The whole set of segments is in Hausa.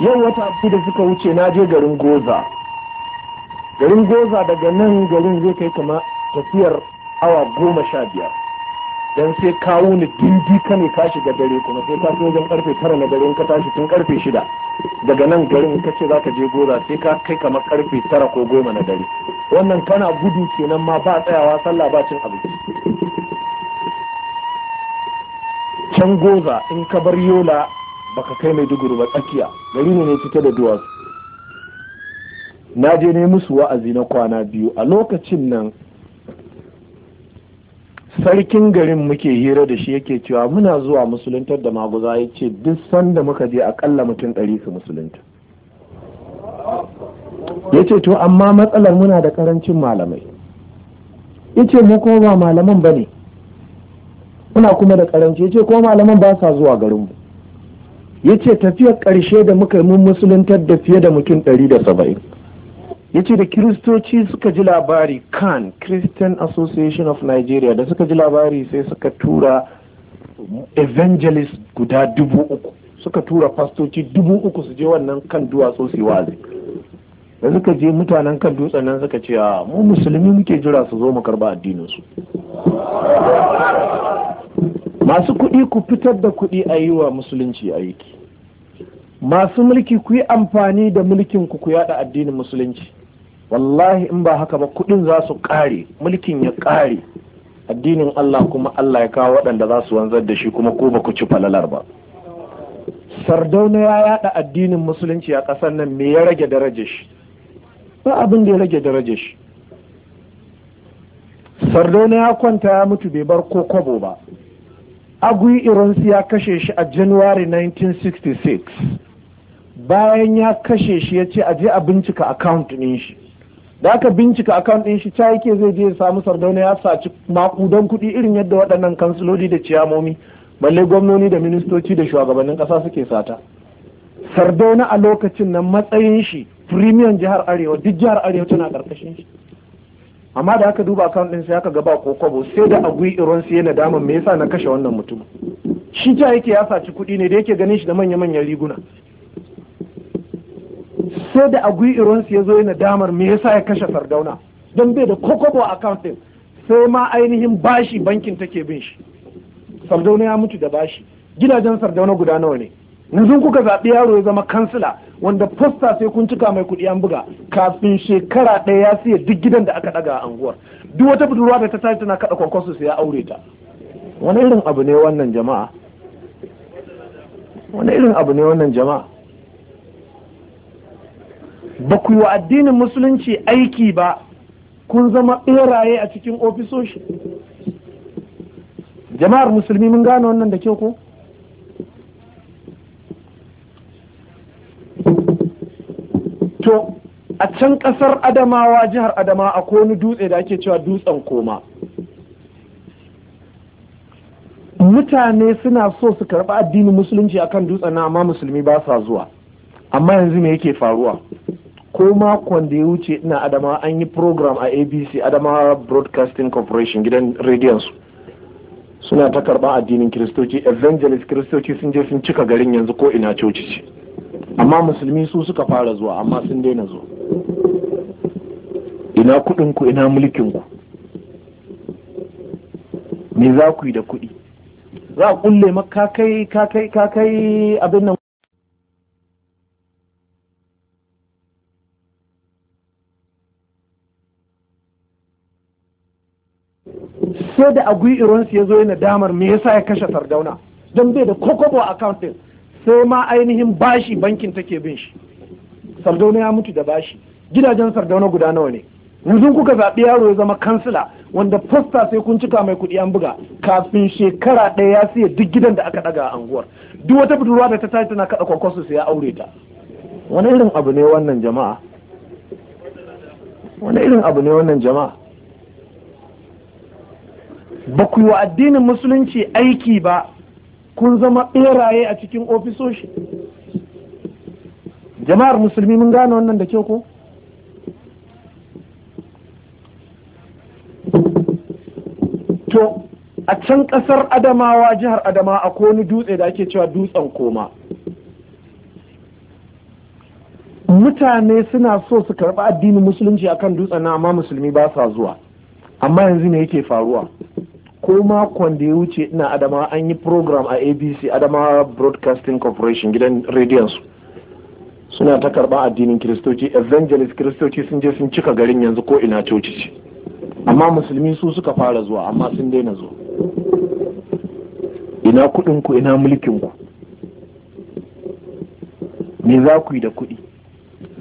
yau wata abu da suka wuce na je garin goza garin goza daga nan garin zai kai kama tafiyar awa goma sha biyar don sai kawo ni dindi ka ne ka shiga dare kuma sai ka so wajen karfe tara na dare ka tashi tun karfe shida daga nan garin ka ce za ka je goza sai ka kai kama karfe tara ko goma na dare wannan kana gudu kenan ma ba tsayawa sallah ba cin abinci can goza in ka bar yola baka kai mai duguru ba tsakiya gari ne ne cike da duwatsu na je ne musu wa'azi na kwana biyu a lokacin nan sarkin garin muke hira da shi yake cewa muna zuwa musuluntar da maguza ya ce duk sanda muka je akalla mutum ɗari su musulunta ya ce to amma matsalar muna da ƙarancin malamai ya ce mu kuma ba malaman ba ne muna kuma da ƙaranci ya ce ko malaman ba sa zuwa garinmu ya ce tafiyar ƙarshe da muka yi mun musuluntar da fiye da mutum ɗari da saba'in ya ce da kiristoci suka ji labari kan christian association of nigeria da suka ji labari sai suka tura evangelist guda dubu uku suka tura fastoci dubu uku su je wannan kan duwatsu su wazi da suka je mutanen kan dutsen nan suka ce mu musulmi muke jira su zo mu karba addinin su masu kuɗi ku fitar da kuɗi a yi wa musulunci aiki masu mulki ku yi amfani da mulkin ku ku yada addinin musulunci wallahi in ba haka ba kuɗin za su ƙare mulkin ya ƙare addinin Allah kuma Allah ya kawo waɗanda za su wanzar da shi kuma ko ba ku ci falalar ba sardauna ya yada addinin musulunci a ƙasar nan me ya rage darajar shi ba abin da ya rage daraje shi sardauna ya kwanta ya mutu bai bar ko kwabo ba agui iransu ya kashe shi a january 1966 bayan ya kashe shi ya ce a je a bincika account ɗin shi da aka bincika account ɗin shi ta yake zai je ya samu sardauna ya saci makudan kuɗi irin yadda waɗannan kansiloli da ciyamomi balle gwamnoni da ministoci da shugabannin ƙasa suke sata sardauna a lokacin nan matsayin shi premium jihar arewa duk jihar arewa tana karkashin shi amma da aka duba account din sai aka gaba ko kwabo sai da agui iron sai na dama me yasa na kashe wannan mutum shi ja yake ya saci kuɗi ne da yake ganin shi da manya manyan riguna sai da agui iron sai zo yana damar me yasa ya kashe sardauna don bai da kokobo account din sai ma ainihin bashi bankin take bin shi sardauna ya mutu da bashi gidajen sardauna guda nawa ne yanzu kuka zaɓi yaro ya zama kansila wanda fosta sai kun cika mai kuɗi an buga kafin shekara ɗaya ya siya duk gidan da aka ɗaga a anguwar duk wata budurwa da ta tashi tana kaɗa kwankwaso sai ya aure ta wani irin abu ne wannan jama'a wani irin abu ne wannan jama'a ba ku yi wa addinin musulunci aiki ba kun zama ɓeraye a cikin ofisoshi jama'ar musulmi mun gane wannan da ke ko a can ƙasar adamawa jihar adamawa akwai wani dutse da ake cewa dutsen koma mutane suna so su karɓi addinin musulunci akan dutsen na amma musulmi ba sa zuwa amma yanzu me yake faruwa ko makon da ya wuce ina adamawa an yi program a abc adamawa broadcasting corporation gidan rediyon su suna ta karɓa addinin kiristoci evangelist kiristoci sun je sun cika garin yanzu ko ina coci ce amma musulmi su suka fara zuwa amma sun daina zuwa ina kudinku ina mulkinku me za ku yi da kudi za a kulle maka kai kakai kakai abin nan sai da agui su ya zo yana damar me yasa ya kashe sardauna don bai da kokobo account sai ma ainihin bashi bankin take bin shi sardauna ya mutu da bashi gidajen sardauna guda nawa ne yanzu kuka zaɓi yaro ya zama kansila wanda fasta sai kun cika mai kuɗi an buga kafin shekara ɗaya ya siya duk gidan da aka ɗaga a anguwar duk wata budurwa da ta tashi tana kaɗa kwakwasu sai ya aure ta wani irin abu ne wannan jama'a wani irin abu ne wannan jama'a ba ku yi wa addinin musulunci aiki ba kun zama ɓeraye a cikin ofisoshi jama'ar musulmi mun gane wannan da kyau ko to a can ƙasar adamawa jihar adamawa a wani dutse da ake cewa dutsen koma mutane suna so su karɓi addinin musulunci akan dutsen na amma musulmi ba sa zuwa amma yanzu ne yake faruwa ko makon da ya wuce ina adama an yi program a abc adama broadcasting corporation gidan rediyon su suna ta karba addinin kiristoci evangelist kiristoci sun je sun cika garin yanzu ko ina coci ce amma musulmi su suka fara zuwa amma sun daina zuwa ina kuɗinku ina mulkinku me za ku yi da kuɗi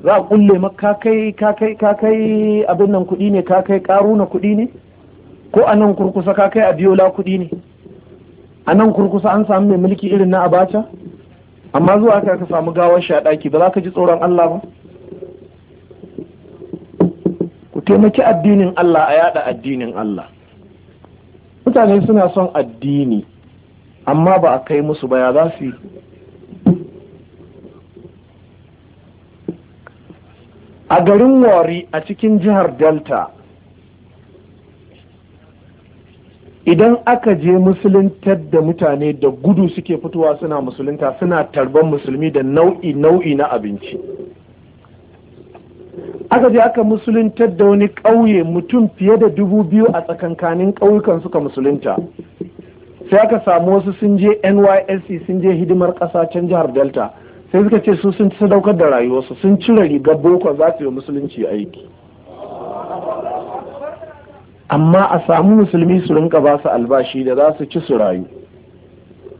za a kulle maka kai abin nan kuɗi ne ka kai ƙaru na kuɗi ne ko a nan kurkusa ka kai a la kuɗi ne a nan kurkusa an samu mai mulki irin na abacha amma zuwa ka ka samu gawar shi a ɗaki ba za ka ji tsoron Allah ba ku taimaki addinin Allah a yada addinin Allah mutane suna son addini amma ba a kai musu ba ya za su yi a garin wari a cikin jihar delta idan aka je musuluntar da mutane da gudu suke fitowa suna musulunta suna tarban musulmi da nau'i nau'i na abinci aka je aka musuluntar da wani ƙauye mutum fiye da dubu biyu a tsakankanin ƙauyukan suka musulunta sai aka samu wasu sun je nysc sun je hidimar ƙasa can jihar delta sai suka ce su sun sadaukar da rayuwarsu sun cire rigar boko za su yi musulunci aiki amma a samu musulmi su rinka ba su albashi da za su ci su rayu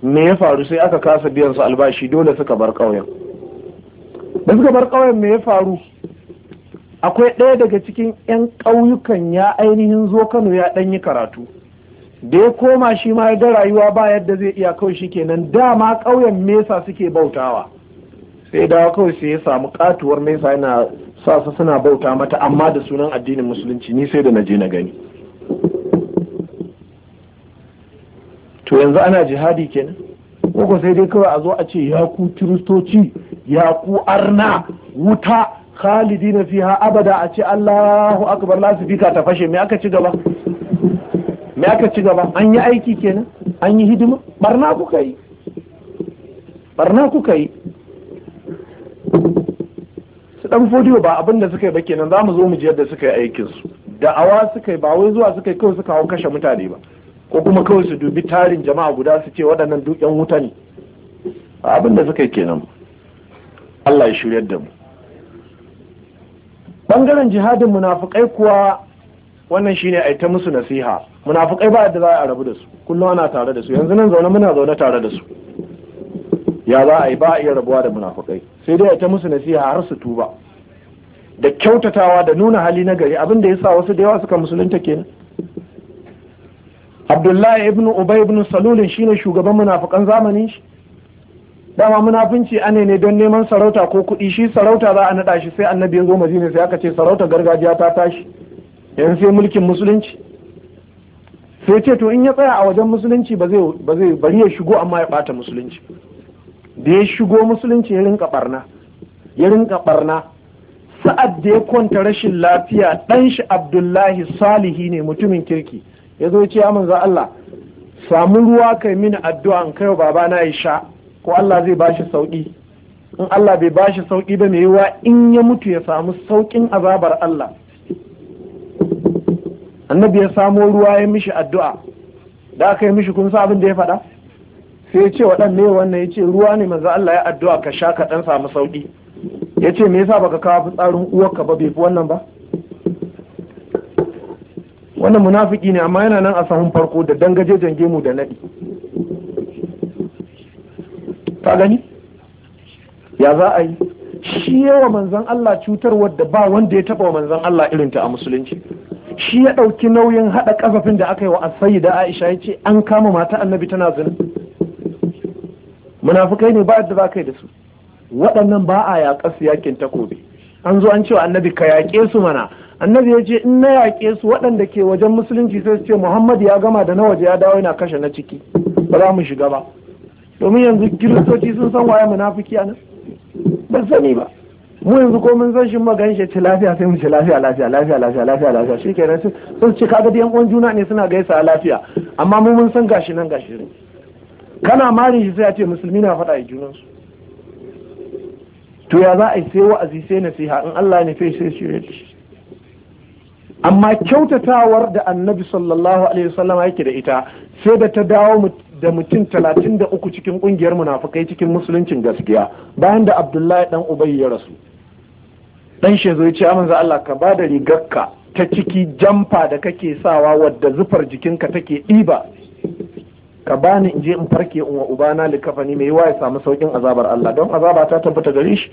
me ya faru sai aka kasa biyan su albashi dole suka bar ƙauyen da suka bar ƙauyen me ya faru akwai ɗaya daga cikin 'yan ƙauyukan ya ainihin zo kano ya ɗanyi karatu da ya koma shi ma ya ga rayuwa ba yadda zai iya kawai shi kenan dama ƙauyen mesa suke bautawa sai dawa kawai sai ya samu katuwar mesa yana sa su suna bauta mata amma da sunan addinin musulunci ni sai da na je na gani to yanzu ana jihadi kenan ko sai dai kawai a zo a ce ya ku kiristoci ya ku arna wuta khalidi na fiha abada a ce allahu akbar lasifika ta fashe me aka ci gaba me aka ci gaba an yi aiki kenan an yi hidima barna kuka yi barna kuka yi su dan fodiyo ba abin da suka yi ba kenan za mu zo mu ji yadda suka yi aikinsu da'awa suka yi ba wai zuwa suka yi kawai suka hau kashe mutane ba ko kuma kawai su dubi tarin jama'a guda su ce waɗannan duk yan wuta ne abin da suka yi kenan Allah ya shiryar da mu bangaren jihadin munafukai kuwa wannan shine a ta musu nasiha munafukai ba da za a rabu da su kullum ana tare da su yanzu nan zaune muna zaune tare da su ya za a yi ba a iya rabuwa da munafukai sai dai a ta musu nasiha har su tuba da kyautatawa da nuna hali na gari abinda ya sa wasu da yawa suka musulunta kenan abdullahi ibn ubay ibn salulin shine shugaban munafikan zamani shi dama munafunci ane ne don neman sarauta ko kuɗi shi sarauta za a naɗa shi sai annabi ya zo madina sai aka ce sarauta gargajiya ta tashi yanzu sai mulkin musulunci sai ce to in ya tsaya a wajen musulunci ba zai bari ya shigo amma ya ɓata musulunci da ya shigo musulunci ya rinka barna ya rinka barna sa'ad da ya kwanta rashin lafiya ɗan shi abdullahi salihi ne mutumin kirki ya zo ce amin za Allah samu ruwa kai mini addu'a in kai baba na ya sha ko Allah zai ba shi sauki in Allah bai ba shi sauki ba mai yiwa in ya mutu ya samu saukin azabar Allah annabi ya samo ruwa ya mishi addu'a da aka yi mishi kun sa abin da ya faɗa sai ya ce waɗanne wannan ya ce ruwa ne manzo Allah ya addu'a ka sha ka ɗan samu sauƙi. ya ce me yasa baka kawo fitsarin uwarka ba bai fi wannan ba wannan munafiki ne amma yana nan a sahun farko da dangaje jange mu da naɗi ka gani ya za a yi shi yawa manzan Allah cutar wadda ba wanda ya taba manzan Allah irinta a musulunci shi ya ɗauki nauyin haɗa kasafin da aka yi wa asayi da aisha ya ce an kama mata annabi tana zina munafukai ne ba yadda za ka yi da su waɗannan ba a yaƙa su yakin takobi an zo an cewa annabi ka yaƙe su mana annabi ya ce in na yaƙe su waɗanda ke wajen musulunci sai su ce muhammad ya gama da na waje ya dawo yana kashe na ciki ba za mu shiga ba domin yanzu kiristoci sun san waye munafiki a nan ba sani ba mu yanzu ko mun san shi magan shi ci lafiya sai mu ce lafiya lafiya lafiya lafiya lafiya lafiya shi kenan sun ci kaga yan uwan juna ne suna gaisa a lafiya amma mu mun san gashi nan gashi kana mari shi sai a ce musulmi na faɗa a junansu to ya za a yi sai wa'azi sai nasiha in Allah ne fai sai shirye amma kyautatawar da annabi sallallahu alaihi wasallam yake da ita sai da ta dawo da mutum talatin da uku cikin ƙungiyar munafukai cikin musuluncin gaskiya bayan da abdullahi dan ubai ya rasu Ɗan shezo ya ce amin Allah ka ba da rigarka ta ciki jamfa da kake sawa wadda zufar jikinka take ɗiba ka bani in je in farke in wa ubana likafani mai yawa ya samu saukin azabar Allah don azaba ta tabbata gare shi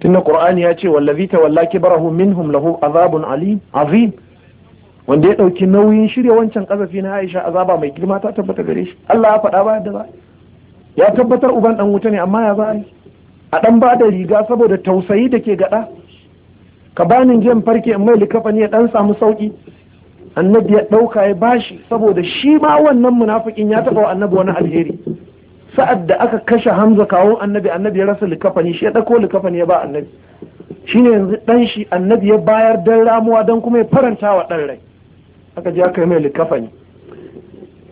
tunda Qur'ani ya ce wallazi tawalla barahu minhum lahu azabun alim azim wanda ya dauki nauyin shirya wancan kazafi na Aisha azaba mai girma ta tabbata gare shi Allah ya faɗa bayan da za ya tabbatar uban dan wuta ne amma ya ba a dan ba da riga saboda tausayi da ke gada ka bani in farke in mai likafani ya dan samu sauki annabi ya ɗauka ya bashi saboda shi ma wannan munafikin ya taɓa wa annabi wani alheri sa'ad da aka kashe hamza kawun annabi annabi ya rasa likafani shi ya ɗauko likafani ya ba annabi Shi ne yanzu ɗan shi annabi ya bayar dan ramuwa dan kuma ya faranta wa ɗan rai aka je aka yi mai likafani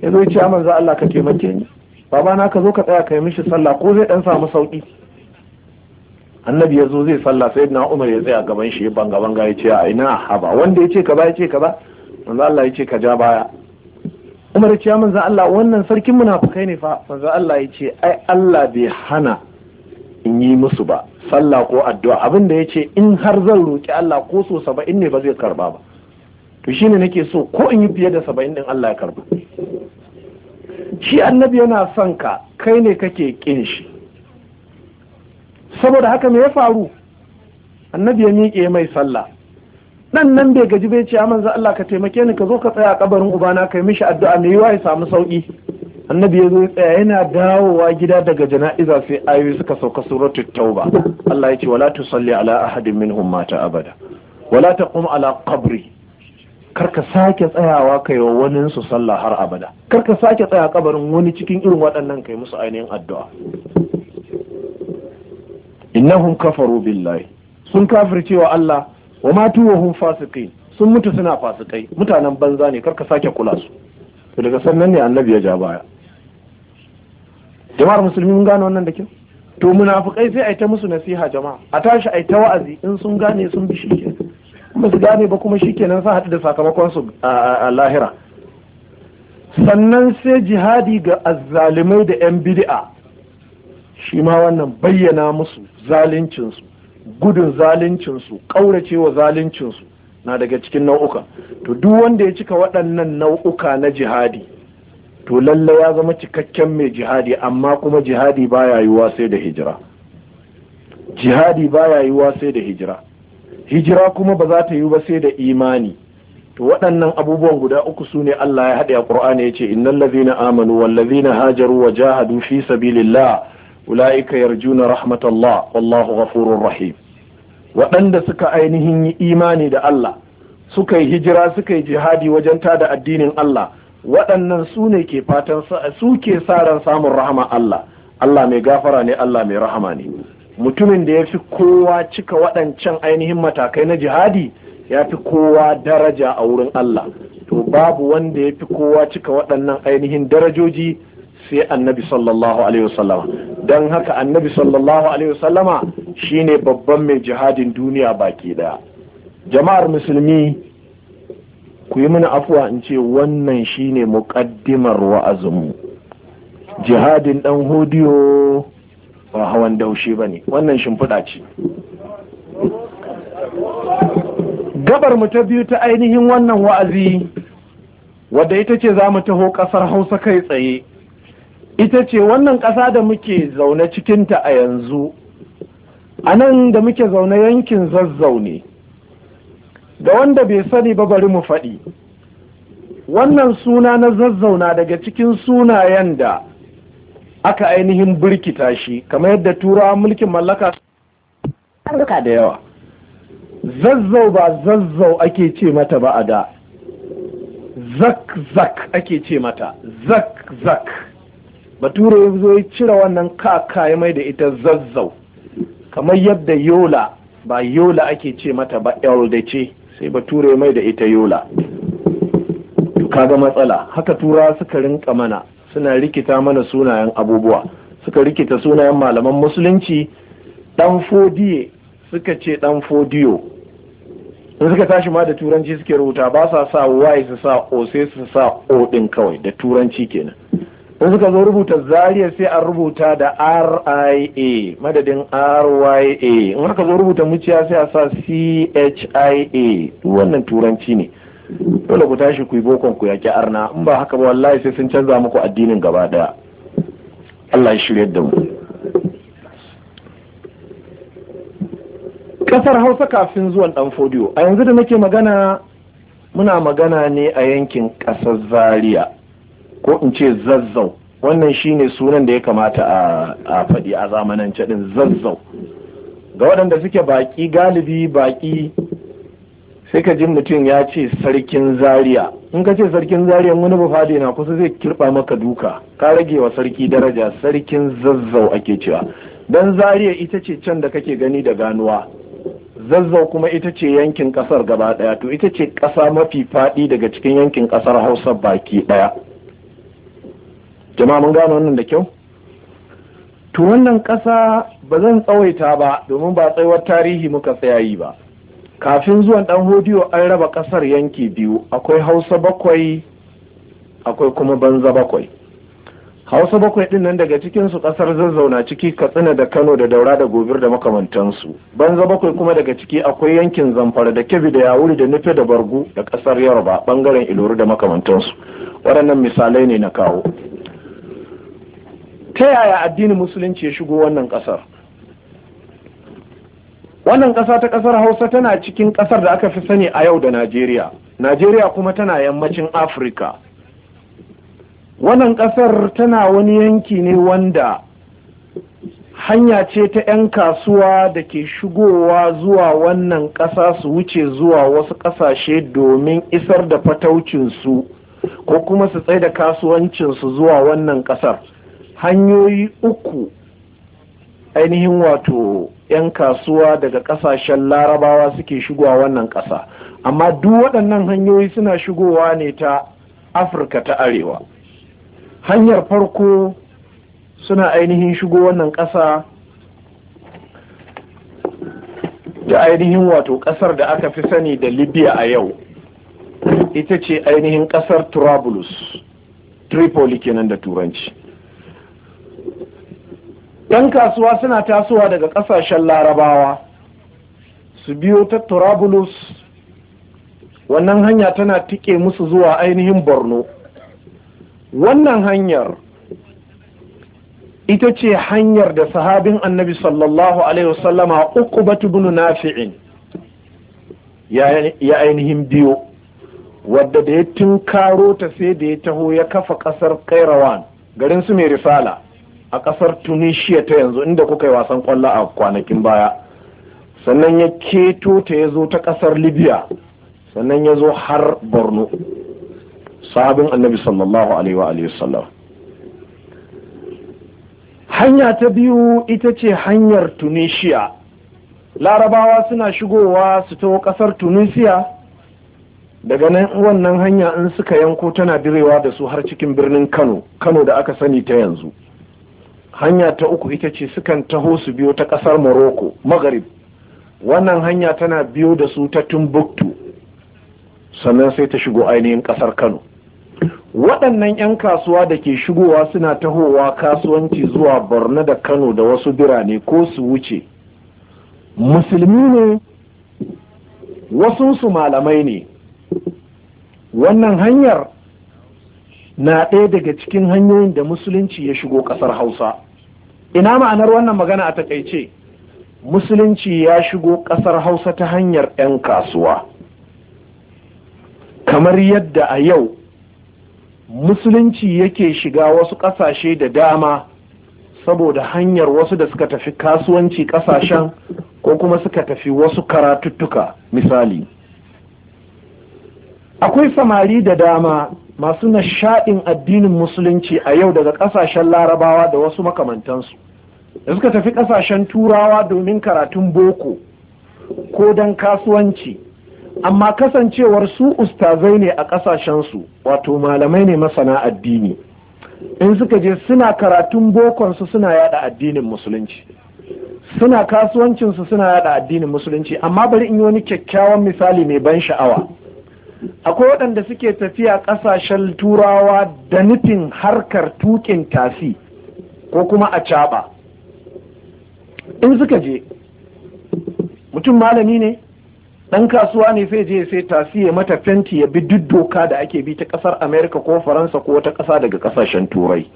ya zo ce aman za Allah ka taimake ni baba na ka zo ka tsaya ka yi mishi sallah ko zai ɗan samu sauƙi annabi ya zo zai sallah sai na umar ya tsaya gaban shi ya banga-banga ya ce a ina haba wanda ya ce ka ba ya ce ka ba manzo Allah yace ka ja baya Umar ya ce manzo Allah wannan sarkin munafukai ne fa manzo Allah yace ai Allah bai hana in yi musu ba sallah ko addu'a abin da ce in har zan roki Allah ko so saba'in ne ba zai karba ba to shine nake so ko in yi fiye da saba'in din Allah ya karba shi annabi yana son ka kai ne kake kin shi saboda haka me ya faru annabi ya miƙe mai sallah nan nan bai gaji bai ce manzo Allah ka taimake ni ka zo ka tsaya a kabarin ubana kai mishi addu'a mai yiwa ya samu sauki annabi ya zo ya tsaya yana dawowa gida daga jana'iza sai ayoyi suka sauka suratu tauba Allah ya ce wala tusalli ala ahadin minhum mata abada wala taqum ala qabri ka sake tsayawa kai wa wani su sallah har abada Kar ka sake tsaya a kabarin wani cikin irin waɗannan kai musu ainihin addu'a innahum kafaru billahi sun wa Allah wa matu wa hum fasiqin sun mutu suna fasikai mutanen banza ne karka sake kula su to daga sannan ne annabi ya ja baya jama'ar musulmi mun gane wannan da kyau to munafukai sai aita ta musu nasiha jama'a a tashi aita ta wa'azi in sun gane sun bi shike kuma su gane ba kuma shikenan sa haɗu da sakamakon su a lahira sannan sai jihadi ga azzalimai da yan bid'a shi ma wannan bayyana musu zalincinsu. gudun zaluncinsu ƙauracewa zaluncinsu na daga cikin nau'uka to duk wanda ya cika waɗannan nau'uka na jihadi to lalle ya zama cikakken mai jihadi amma kuma jihadi baya yiwuwa sai da hijira jihadi baya yiwuwa sai da hijira hijira kuma ba za ta yiwu ba sai da imani to waɗannan abubuwan guda uku su ne Allah ya haɗe a ƙurani ya ce innal ladhina amanu wal ladhina hajaru wa jahadu fi sabilillah ula'ika yarjuna rahmatullah wallahu ghafurur rahim waɗanda suka ainihin yi imani da Allah suka yi hijira suka yi jihadi wajen tada addinin Allah waɗannan su ne ke fatan su ke sa ran samun rahama Allah Allah mai gafara ne Allah mai rahama ne mutumin da ya fi kowa cika waɗancan ainihin matakai na jihadi ya fi kowa daraja a wurin Allah to babu wanda ya fi kowa cika waɗannan ainihin darajoji sai annabi sallallahu alaihi wasallama don haka annabi sallallahu alaihi wasallama shine babban mai jihadin duniya baki daya jama'ar musulmi ku yi mana afuwa in ce wannan shine muƙaddimar wa'azinmu jihadin ɗan hodiyo ba hawan daushe ba ne wannan shimfiɗa ce gabar mu ta biyu ta ainihin wannan wa'azi wadda ita ce za mu taho ƙasar hausa kai tsaye ita ce wannan ƙasa da muke zaune cikinta a yanzu a nan da muke zaune yankin zazzau ne. da wanda bai sani ba bari mu faɗi wannan suna na zazzau na daga cikin sunayen da aka ainihin birkita shi kamar yadda turawa mulkin mallaka su da yawa zazzau ba zazzau ake ce mata ba a da zak zak ake ce mata zak zak bature ya zo ya cire wannan kaka ya mai da ita zazzau kamar yadda yola ba yola ake ce mata ba elde ce sai bature ya mai da ita yola kaga matsala haka tura suka rinka mana suna rikita mana sunayen abubuwa suka rikita sunayen malaman musulunci dan fodiye suka ce dan fodiyo in suka tashi ma da turanci suke rubuta ba sa sa y su sa o sai su sa o din kawai da turanci kenan in suka zo rubuta zariya sai an rubuta da ria madadin rya in haka zo rubuta muciya sai a sa chia duk wannan turanci ne dole ku tashi ku yi bokon ku yaƙi arna in ba haka ba wallahi sai sun canza muku addinin gaba daya Allah ya shirya da mu kasar hausa kafin zuwan dan fodiyo a yanzu da nake magana muna magana ne a yankin ƙasar zaria ko in ce zazzau wannan shine sunan da ya kamata a faɗi a zamanin din zazzau ga waɗanda suke baƙi galibi baƙi sai ka ji mutum ya ce sarkin zaria in ka ce sarkin zariya wani bufade na kusa zai kirɓa maka duka ka rage wa sarki daraja sarkin zazzau ake cewa don zaria ita ce can da kake gani da ganuwa zazzau kuma ita ce yankin ƙasar gaba ɗaya to ita ce ƙasa mafi faɗi daga cikin yankin ƙasar hausa baki ɗaya jama'a mun gano wannan da kyau to wannan ƙasa ba zan tsawaita ba domin ba tsayuwar tarihi muka tsaya yi ba kafin zuwan ɗan hodiyo an raba ƙasar yanki biyu akwai hausa bakwai akwai kuma banza bakwai hausa bakwai ɗin nan daga cikinsu ƙasar zazzauna ciki katsina da kano da daura da gobir da makamantansu banza bakwai kuma daga ciki akwai yankin zamfara da kebbi da yawuri da nufe da bargu da ƙasar Yoruba ɓangaren ilori da makamantansu waɗannan misalai ne na kawo ta yaya addinin musulunci ya shigo wannan ƙasar wannan ƙasa ta ƙasar hausa tana cikin ƙasar da aka fi sani a yau da najeriya najeriya kuma tana yammacin afirka wannan ƙasar tana wani yanki ne wanda hanya ce ta 'yan kasuwa da ke shigowa zuwa wannan ƙasa su wuce zuwa wasu ƙasashe domin isar da fataucinsu ko kuma su tsaye da kasuwancinsu zuwa wannan ƙasar hanyoyi uku ainihin wato 'yan kasuwa daga kasashen larabawa suke shigowa wannan ƙasa amma duk waɗannan hanyoyi suna shigowa ne ta afirka ta arewa hanyar farko suna ainihin shigo wannan ƙasa da ainihin wato ƙasar da aka fi sani da libya a yau ita ce ainihin ƙasar trablus tripoli kenan da turanci 'yan kasuwa suna tasowa daga ƙasashen larabawa su biyo ta turabulus wannan hanya tana tike musu zuwa ainihin borno wannan hanyar ita ce hanyar da sahabin annabi sallallahu alaihi wasallama uku batubunu nafi'in ya ainihin biyo wadda da ya karo ta sai da ya taho ya kafa ƙasar kairawan garin su mai risala a ƙasar tunisia ta yanzu inda kuka yi wasan kwallo a kwanakin baya sannan ya keto ta ya zo ta ƙasar libya sannan ya zo har borno Sabin annabi sallallahu alaihi wa sallam hanya ta biyu ita ce hanyar tunisia larabawa suna shigowa su taho ƙasar tunisia daga nan wannan hanya in suka yanko tana direwa da su har cikin birnin kano kano da aka sani ta yanzu hanya ta uku ita ce sukan taho su biyo ta ƙasar morocco magarib wannan hanya tana biyo da su ta timbuktu sannan sai ta shigo ainihin ƙasar kano waɗannan 'yan kasuwa da ke shigowa suna tahowa kasuwanci zuwa borno da kano da wasu birane ko su wuce musulmi ne wasu su malamai ne wannan hanyar na ɗaya daga cikin hanyoyin da musulunci ya shigo ƙasar hausa ina ma'anar wannan magana a takaice musulunci ya shigo ƙasar hausa ta hanyar 'yan kasuwa kamar yadda a yau musulunci yake shiga wasu ƙasashe da dama saboda hanyar wasu da suka tafi kasuwanci ƙasashen ko kuma suka tafi wasu karatuttuka misali akwai samari da dama masu nishaɗin addinin musulunci a yau daga ƙasashen larabawa da wasu makamantansu da suka tafi ƙasashen turawa domin karatun boko ko don kasuwanci amma kasancewar su ustazai ne a ƙasashensu wato malamai ne masana addini in suka je suna karatun bokonsu suna yada addinin musulunci suna kasuwancinsu suna yada addinin musulunci amma bari in yi wani kyakkyawan misali mai ban sha'awa akwai waɗanda suke tafiya ƙasashen turawa da nufin harkar tukin tasi ko kuma a caɓa in suka je mutum malami ne ɗan kasuwa ne sai je sai tasi ya mata fenti ya bi duk doka da ake bi ta ƙasar amerika ko faransa ko wata ƙasa daga ƙasashen turai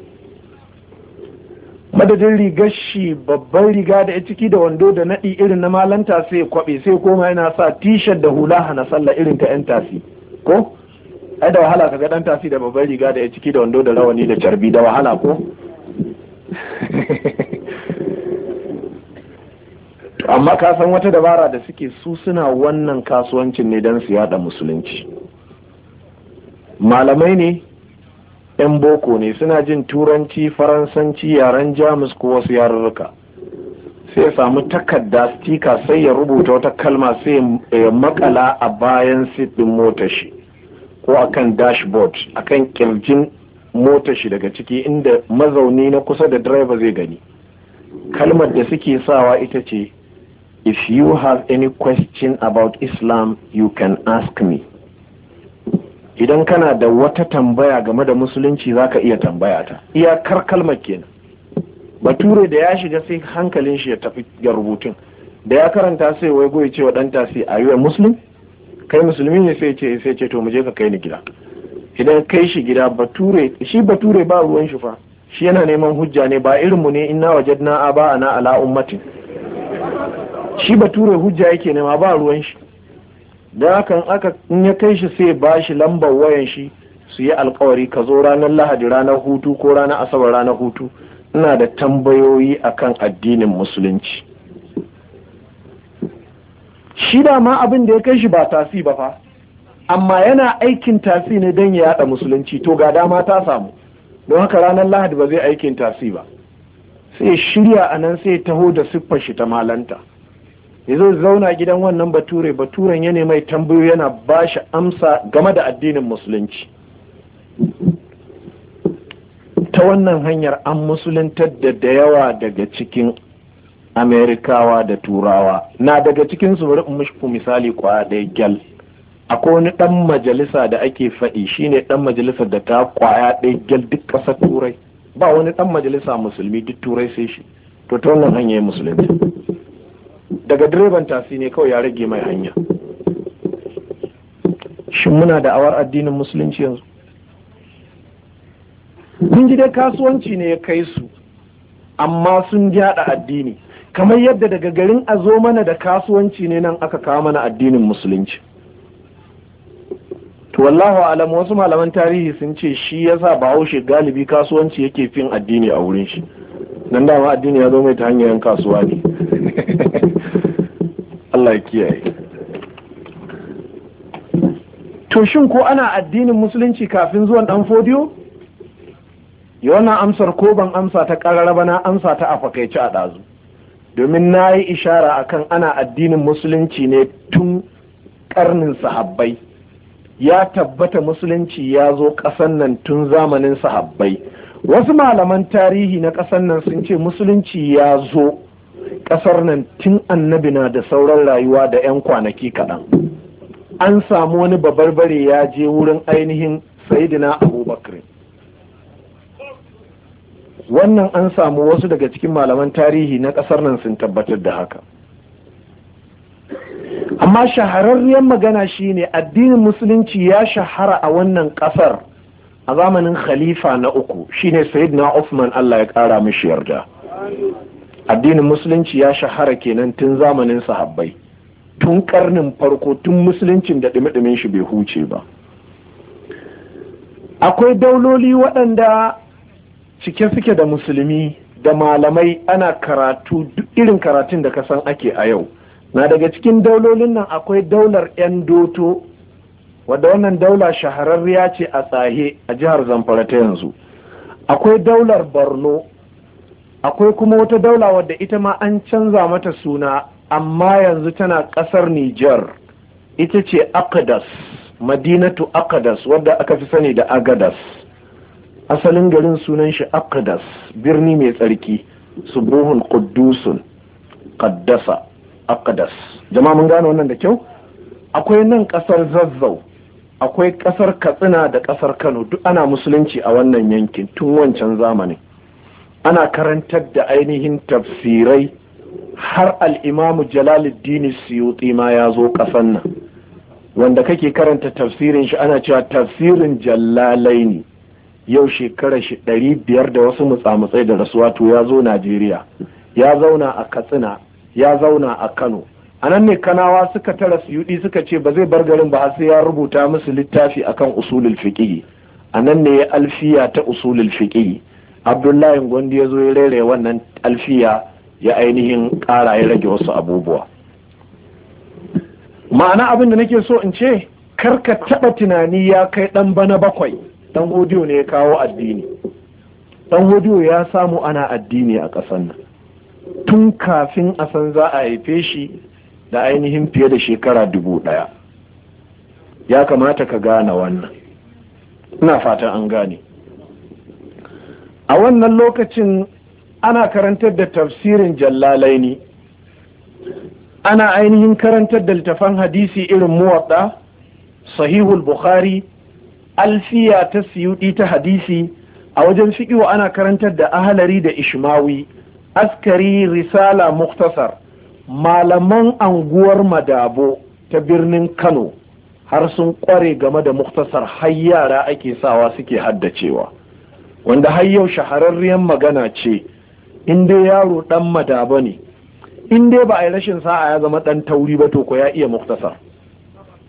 madadin rigar shi babban riga da ya ciki da wando da naɗi irin na malanta sai kwaɓe sai koma yana sa tishar da hula hana sallah irin ta 'yan tasi ko ai da wahala kaga dan tasi da babban riga da ya ciki da wando da rawani da carbi da wahala ko amma ka san wata dabara da suke su suna wannan kasuwancin ne don su yada musulunci malamai ne 'yan boko ne suna jin turanci faransanci yaren jamus ko wasu yarurruka sai ya samu takarda stika sai ya rubuta wata kalma sai ya makala a bayan ɗin motar shi ko akan dashboard akan kirjin motar shi daga ciki inda mazauni na kusa da driver zai gani kalmar da suke sawa ita ce if you have any question about islam you can ask me idan kana da wata tambaya game da musulunci za ka iya tambaya ta iyakar kalmar kenan bature da ya shiga sai hankalin shi ya tafi ga rubutun da ya karanta sai wai goyi cewa dan tasi are you a kai musulmi ne sai ce sai ce to mu je ka kai ni gida idan kai shi gida bature shi bature ba ruwan shi fa shi yana neman hujja ne ba irin mu ne inna wajadna ana ala ummatin shi bature hujja yake nema ba ruwan shi da haka aka in ya kai shi sai ba shi lambar wayan shi su yi alkawari ka zo ranar lahadi ranar hutu ko ranar asabar ranar hutu ina da tambayoyi akan addinin musulunci shi da ma abin da ya kai shi ba tasi ba fa amma yana aikin tasi ne don ya yada musulunci to ga dama ta samu don haka ranar lahadi ba zai aikin tasi ba sai shirya a nan sai taho da siffar shi ta malanta ya zo zauna gidan wannan bature baturen ya mai tambayo yana ba shi amsa game da addinin musulunci ta wannan hanyar an musuluntar da da yawa daga cikin amerikawa da turawa na daga cikin su bari misali kwaya ɗaya gyal akwai wani ɗan majalisa da ake faɗi shine ɗan majalisa da ta kwaya ɗaya gyal duk ƙasar turai ba wani ɗan majalisa musulmi duk turai sai shi to ta wannan hanya ya musulunci daga direban tasi ne kawai ya rage mai hanya shin muna da awar addinin musulunci yanzu Mun ji dai kasuwanci ne ya kai su amma sun gyaɗa addini kamar yadda daga garin a zo mana da kasuwanci ne nan aka kawo mana addinin musulunci to wallahu alam wasu malaman tarihi sun ce shi yasa bahaushe galibi kasuwanci yake fin addini a wurin shi dan dama addini ya zo mai ta hanyar kasuwa ne Allah ya kiyaye to shin ko ana addinin musulunci kafin zuwan dan fodiyo ya wannan amsar ko ban amsa ta karara ba na amsa ta a fakaice a ɗazu domin na yi ishara a kan ana addinin musulunci ne tun karnin sahabbai ya tabbata musulunci ya zo ƙasan nan tun zamanin sahabbai wasu malaman tarihi na ƙasar nan sun ce musulunci ya zo ƙasar nan tun annabi na da sauran rayuwa da 'yan kwanaki kaɗan an samu wani babarbare ya je wurin ainihin sayidina abubakar wannan an samu wasu daga cikin malaman tarihi na ƙasar nan sun tabbatar da haka amma shahararriyar magana shine addinin musulunci ya shahara a wannan ƙasar a zamanin khalifa na uku shine sayyidina Uthman Allah ya ƙara mishi yarda addinin musulunci ya shahara kenan tun zamanin sahabbai tun karnin farko tun musuluncin da ɗumi shi bai huce ba akwai dauloli waɗanda cike suke da musulmi da malamai ana karatu duk irin karatun da kasan ake a yau na daga cikin daulolin nan akwai daular 'yan doto wadda wannan daula shahararriya ce a tsahe a jihar zamfara ta yanzu akwai daular borno akwai kuma wata daula wadda ita ma an canza mata suna amma yanzu tana kasar Nijar. ita ce akadas madinatu akadas wadda aka fi sani da agadas asalin garin sunan shi akadas birni mai tsarki subuhun Kudusun, kaddasa akadas Jama mun gane wannan da kyau akwai nan kasar zazzau akwai kasar katsina da kasar kano duk ana musulunci a wannan yankin tun wancan zamanin ana karantar da ainihin tafsirai har al'imamu jalaluddin siyuti ma ya zo ƙasan nan wanda kake karanta tafsirin shi ana cewa tafsirin jallalai ne yau shekara shi ɗari biyar da wasu mutsamutsai da rasuwa to ya zo najeriya ya zauna a katsina ya zauna a kano a nan ne kanawa suka tara suyuɗi suka ce ba zai bar garin ba sai ya rubuta musu littafi akan usulul fiqh a nan ne ya alfiya ta usulul fiqh abdullahi gondi ya zo ya rere wannan alfiya ya ainihin ƙara ya rage wasu abubuwa ma'ana abin da nake so in ce kar ka taɓa tunani ya kai ɗan bana bakwai dan hodiyo ne ya kawo addini dan hodiyo ya samu ana addini a ƙasar nan tun kafin a san za a haife shi da ainihin fiye da shekara dubu ɗaya ya kamata ka gane wannan ina fatan an gane a wannan lokacin ana karantar da tafsirin jallalaini ana ainihin karantar da littafan hadisi irin muwadda sahihul bukhari alfiya ta siyudi ta hadisi a wajen fiƙiwa ana karantar da ahalari da ishmawi askari risala muktasar malaman anguwar madabo ta birnin kano har sun kware game da muktasar har yara ake sawa suke haddacewa wanda har yau shahararriyar magana ce in dai yaro dan madaba ne in dai ba a yi rashin sa'a ya zama dan tauri ba to ko ya iya muktasar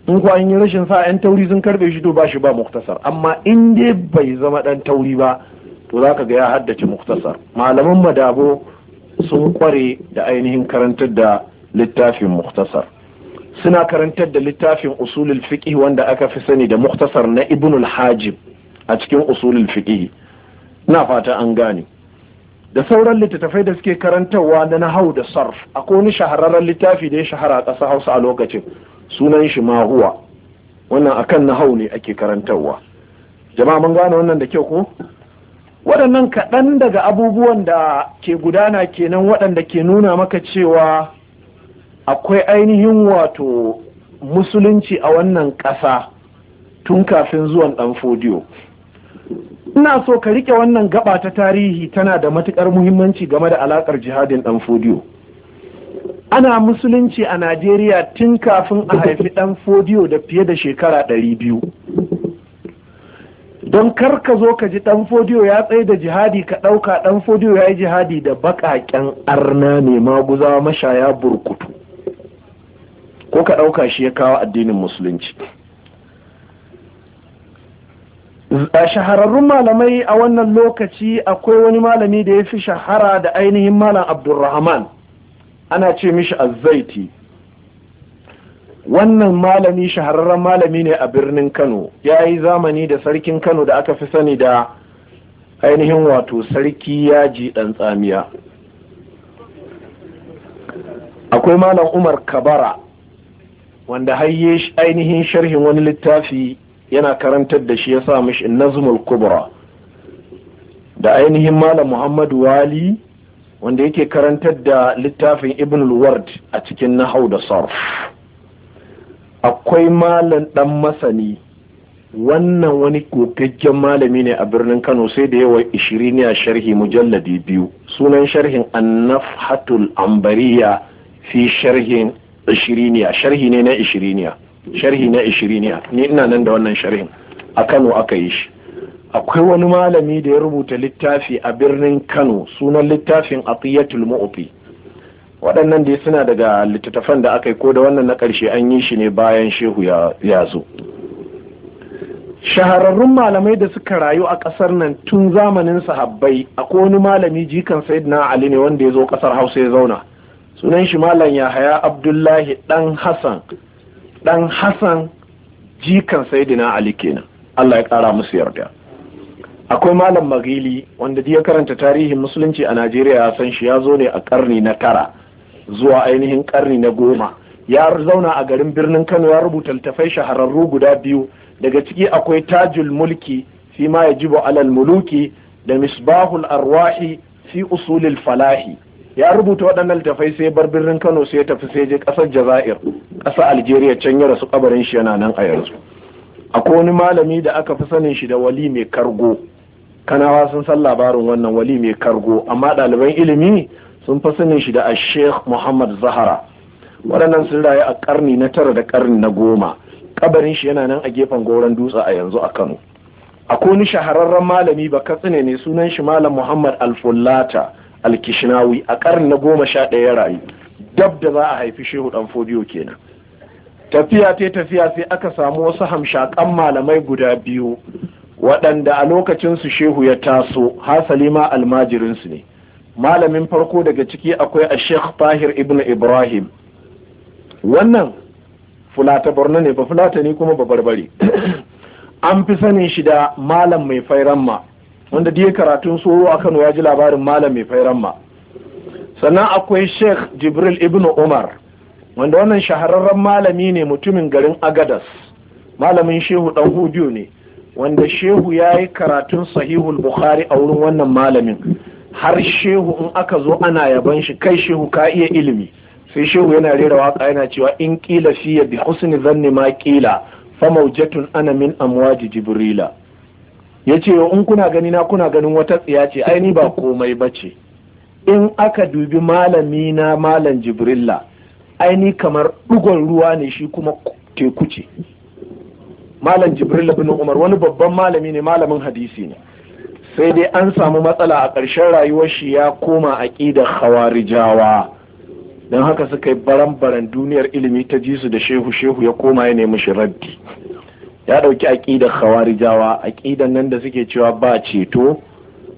in ko an yi rashin sa yan tauri sun karbe shi to ba shi ba muktasar amma in dai bai zama ɗan tauri ba to za ka ga ya haddace muktasar malaman madabo sun kware da ainihin karantar da littafin muktasar suna karantar da littafin usulul fiqh wanda aka fi sani da muktasar na ibnul hajib a cikin usulul fiqh na fata an gane da sauran littattafai da suke karantarwa na nahau da sarf akwai wani shahararren littafi da ya shahara a ƙasa hausa a lokacin sunan shi ma huwa wannan akan nahau ne ake karantarwa jama'a mun gane wannan da kyau ko waɗannan kaɗan daga abubuwan da ke gudana kenan waɗanda ke nuna maka cewa akwai ainihin wato musulunci a wannan ƙasa tun kafin zuwan ɗan fodiyo ina so ka riƙe wannan gaba ta tarihi tana da matuƙar muhimmanci game da alaƙar jihadin ɗan fodiyo ana musulunci a najeriya tun kafin a haifi ɗan fodiyo da fiye da shekara ɗari biyu don kar ka zo ka ji ɗan fodiyo ya tsaye da jihadi ka ɗauka ɗan fodiyo ya yi jihadi da baƙaƙen arna ne maguzawa mashaya burkutu ko ka ɗauka shi ya kawo addinin musulunci a shahararrun malamai a wannan lokaci akwai wani malami da ya fi shahara da ainihin malam abdulrahman ana ce mishi azzaiti wannan malami shahararren malami ne a birnin kano ya yi zamani da sarkin kano da aka fi sani da ainihin wato sarki yaji ɗan tsamiya akwai malam umar kabara wanda hayye ainihin sharhin wani littafi yana karantar da shi ya sa mishi nazmul kubra da ainihin malam muhammadu wali wanda yake karantar da littafin ibn ward a cikin nahau da sarf akwai malam dan masani wannan wani gogaggen malami ne a birnin kano sai da yawa ishiriniya sharhi mujalladi biyu sunan sharhin hatul ambariya fi sharhin ishiriniya sharhi ne na ishiriniya sharhi na ishiriniya ni ina nan da wannan sharhin a kano aka yi shi akwai wani malami da ya rubuta littafi a birnin kano sunan littafin atiyatul mu'ufi waɗannan dai suna daga littattafan da aka yi ko da wannan na ƙarshe an yi shi ne bayan shehu ya zo shahararrun malamai da suka rayu a ƙasar nan tun zamanin sahabbai akwai wani malami jikan sayyidina ali ne wanda ya zo ƙasar hausa ya zauna sunan shi malam yahaya abdullahi ɗan hassan ɗan hassan jikan sayyidina ali kenan allah ya ƙara musu yarda akwai malam magili wanda ya karanta tarihin musulunci a najeriya ya san shi ya zo ne a karni na tara zuwa ainihin karni na goma ya zauna a garin birnin kano ya rubuta littafai shahararru guda biyu daga ciki akwai tajul mulki fi ma jibo alal muluki da misbahul arwahi fi usulil falahi ya rubuta waɗannan littafai sai bar birnin kano sai tafi sai je ƙasar jazair ƙasar algeria can ya rasu kabarin shi yana nan a yanzu akwai wani malami da aka fi sanin shi da wali mai kargo kanawa sun san labarin wannan wali mai kargo amma ɗaliban ilimi sun fi sanin shi da a sheikh muhammad Zahra. waɗannan sun rayu a ƙarni na tara da ƙarni na goma ƙabarin shi yana nan a gefen goron dutse a yanzu a kano akwai ni shahararren malami ba ka tsine ne sunan shi malam muhammad alfullata alkishinawi a ƙarni na goma sha ɗaya ya rayu dab da za a haifi shehu ɗan fodiyo kenan tafiya ta tafiya sai aka samu wasu hamshakan malamai guda biyu waɗanda a lokacin su shehu ya taso hasali ma almajirinsu ne malamin farko daga ciki akwai a sheikh tahir ibn ibrahim wannan fulata borno ne ba fulata ne kuma ba barbare an fi sanin shi da malam mai fairanma wanda da karatun tsoro a kano ya ji labarin malam mai fairanma sannan akwai sheikh jibril ibn umar wanda wannan shahararren malami ne mutumin garin agadas malamin shehu dan hudu ne wanda shehu ya yi karatun sahihul bukhari a wurin wannan malamin har shehu in aka zo ana yaban shi kai shehu ka iya ilimi sai shehu yana rera waka yana cewa in kila fiye bi husni zanni ma kila fa maujatun ana min amwaji jibrila yace in kuna gani na kuna ganin wata tsiya ce Aini ba komai bace in aka dubi malamina malam jibrila ai kamar dugon ruwa ne shi kuma teku ce malam jibril bin umar wani babban malami ne malamin hadisi ne sai dai an samu matsala a ƙarshen rayuwar shi ya koma aqidar khawarijawa don haka suka yi baran duniyar ilimi ta jisu da shehu shehu ya koma ya nemi shi raddi ya ɗauki aƙidar khawarijawa aƙidan nan da suke cewa ba ceto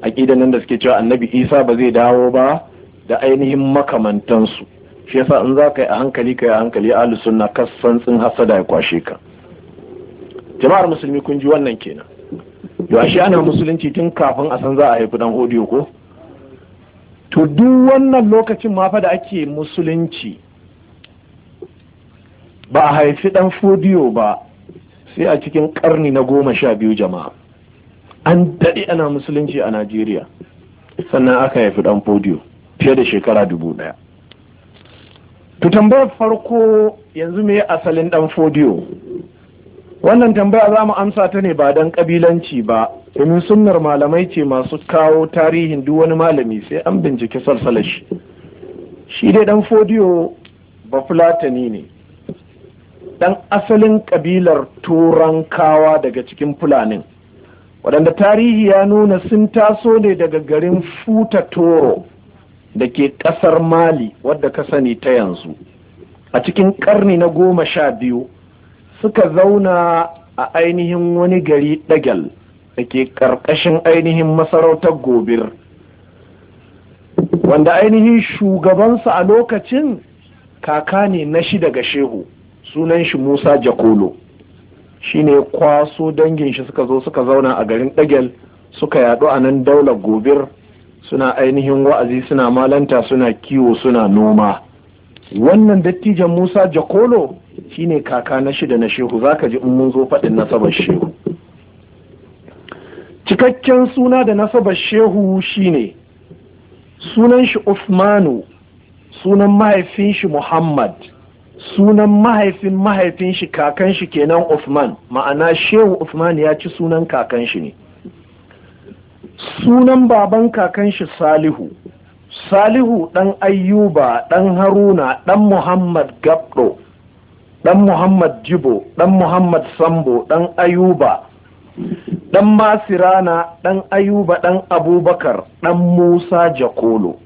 aƙidan nan da suke cewa annabi isa ba zai dawo ba da ainihin makamantansu shi yasa in za ka yi a hankali ka yi a hankali ahlus sunna kasan tsin hasada ya kwashe ka jama'ar musulmi kun ji wannan kenan yau shi ana musulunci tun kafin a san za a haifi dan odiyo ko to duk wannan lokacin ma fa da ake musulunci ba a haifi dan fodiyo ba sai a cikin karni na goma sha biyu jama'a an daɗe ana musulunci a najeriya sannan aka haifi dan fodiyo fiye da shekara dubu ɗaya to tambayar farko yanzu me asalin dan fodiyo wannan tambaya za mu amsa ta ne ba don kabilanci ba domin sunnar malamai ce masu kawo tarihin duk wani malami sai an bincike salsalar shi shi dai dan fodiyo ba fulatani ne dan asalin kabilar turankawa daga cikin fulanin waɗanda tarihi ya nuna sun taso ne daga garin futa toro da ke ƙasar mali wadda ka sani ta yanzu a cikin ƙarni na goma sha biyu suka zauna a ainihin wani gari dagal da ke ƙarƙashin ainihin masarautar gobir wanda ainihin shugabansa a lokacin kaka ne na shi daga shehu sunan shi musa jakolo Shi ne kwaso dangin shi suka zo suka zauna a garin ɗagal suka yaɗu a nan daular gobir suna ainihin wa'azi suna malanta suna kiwo suna noma wannan dattijan musa jakolo shine kaka na shida na shehu Za ka ji in mun zo faɗin nasabar shehu cikakken suna da nasabar shehu shine sunan shi Usmanu sunan mahaifin shi Muhammad sunan mahaifin mahaifin shi kakan shi kenan Usman ma'ana shehu Usman ya ci sunan kakan shi ne sunan baban kakan shi Salihu Salihu ɗan Ayyuba ɗan Haruna ɗan Muhammad Gabdo ɗan muhammad jibo ɗan muhammad sambo ɗan ayuba ɗan masirana ɗan ayuba ɗan abubakar ɗan musa jakolo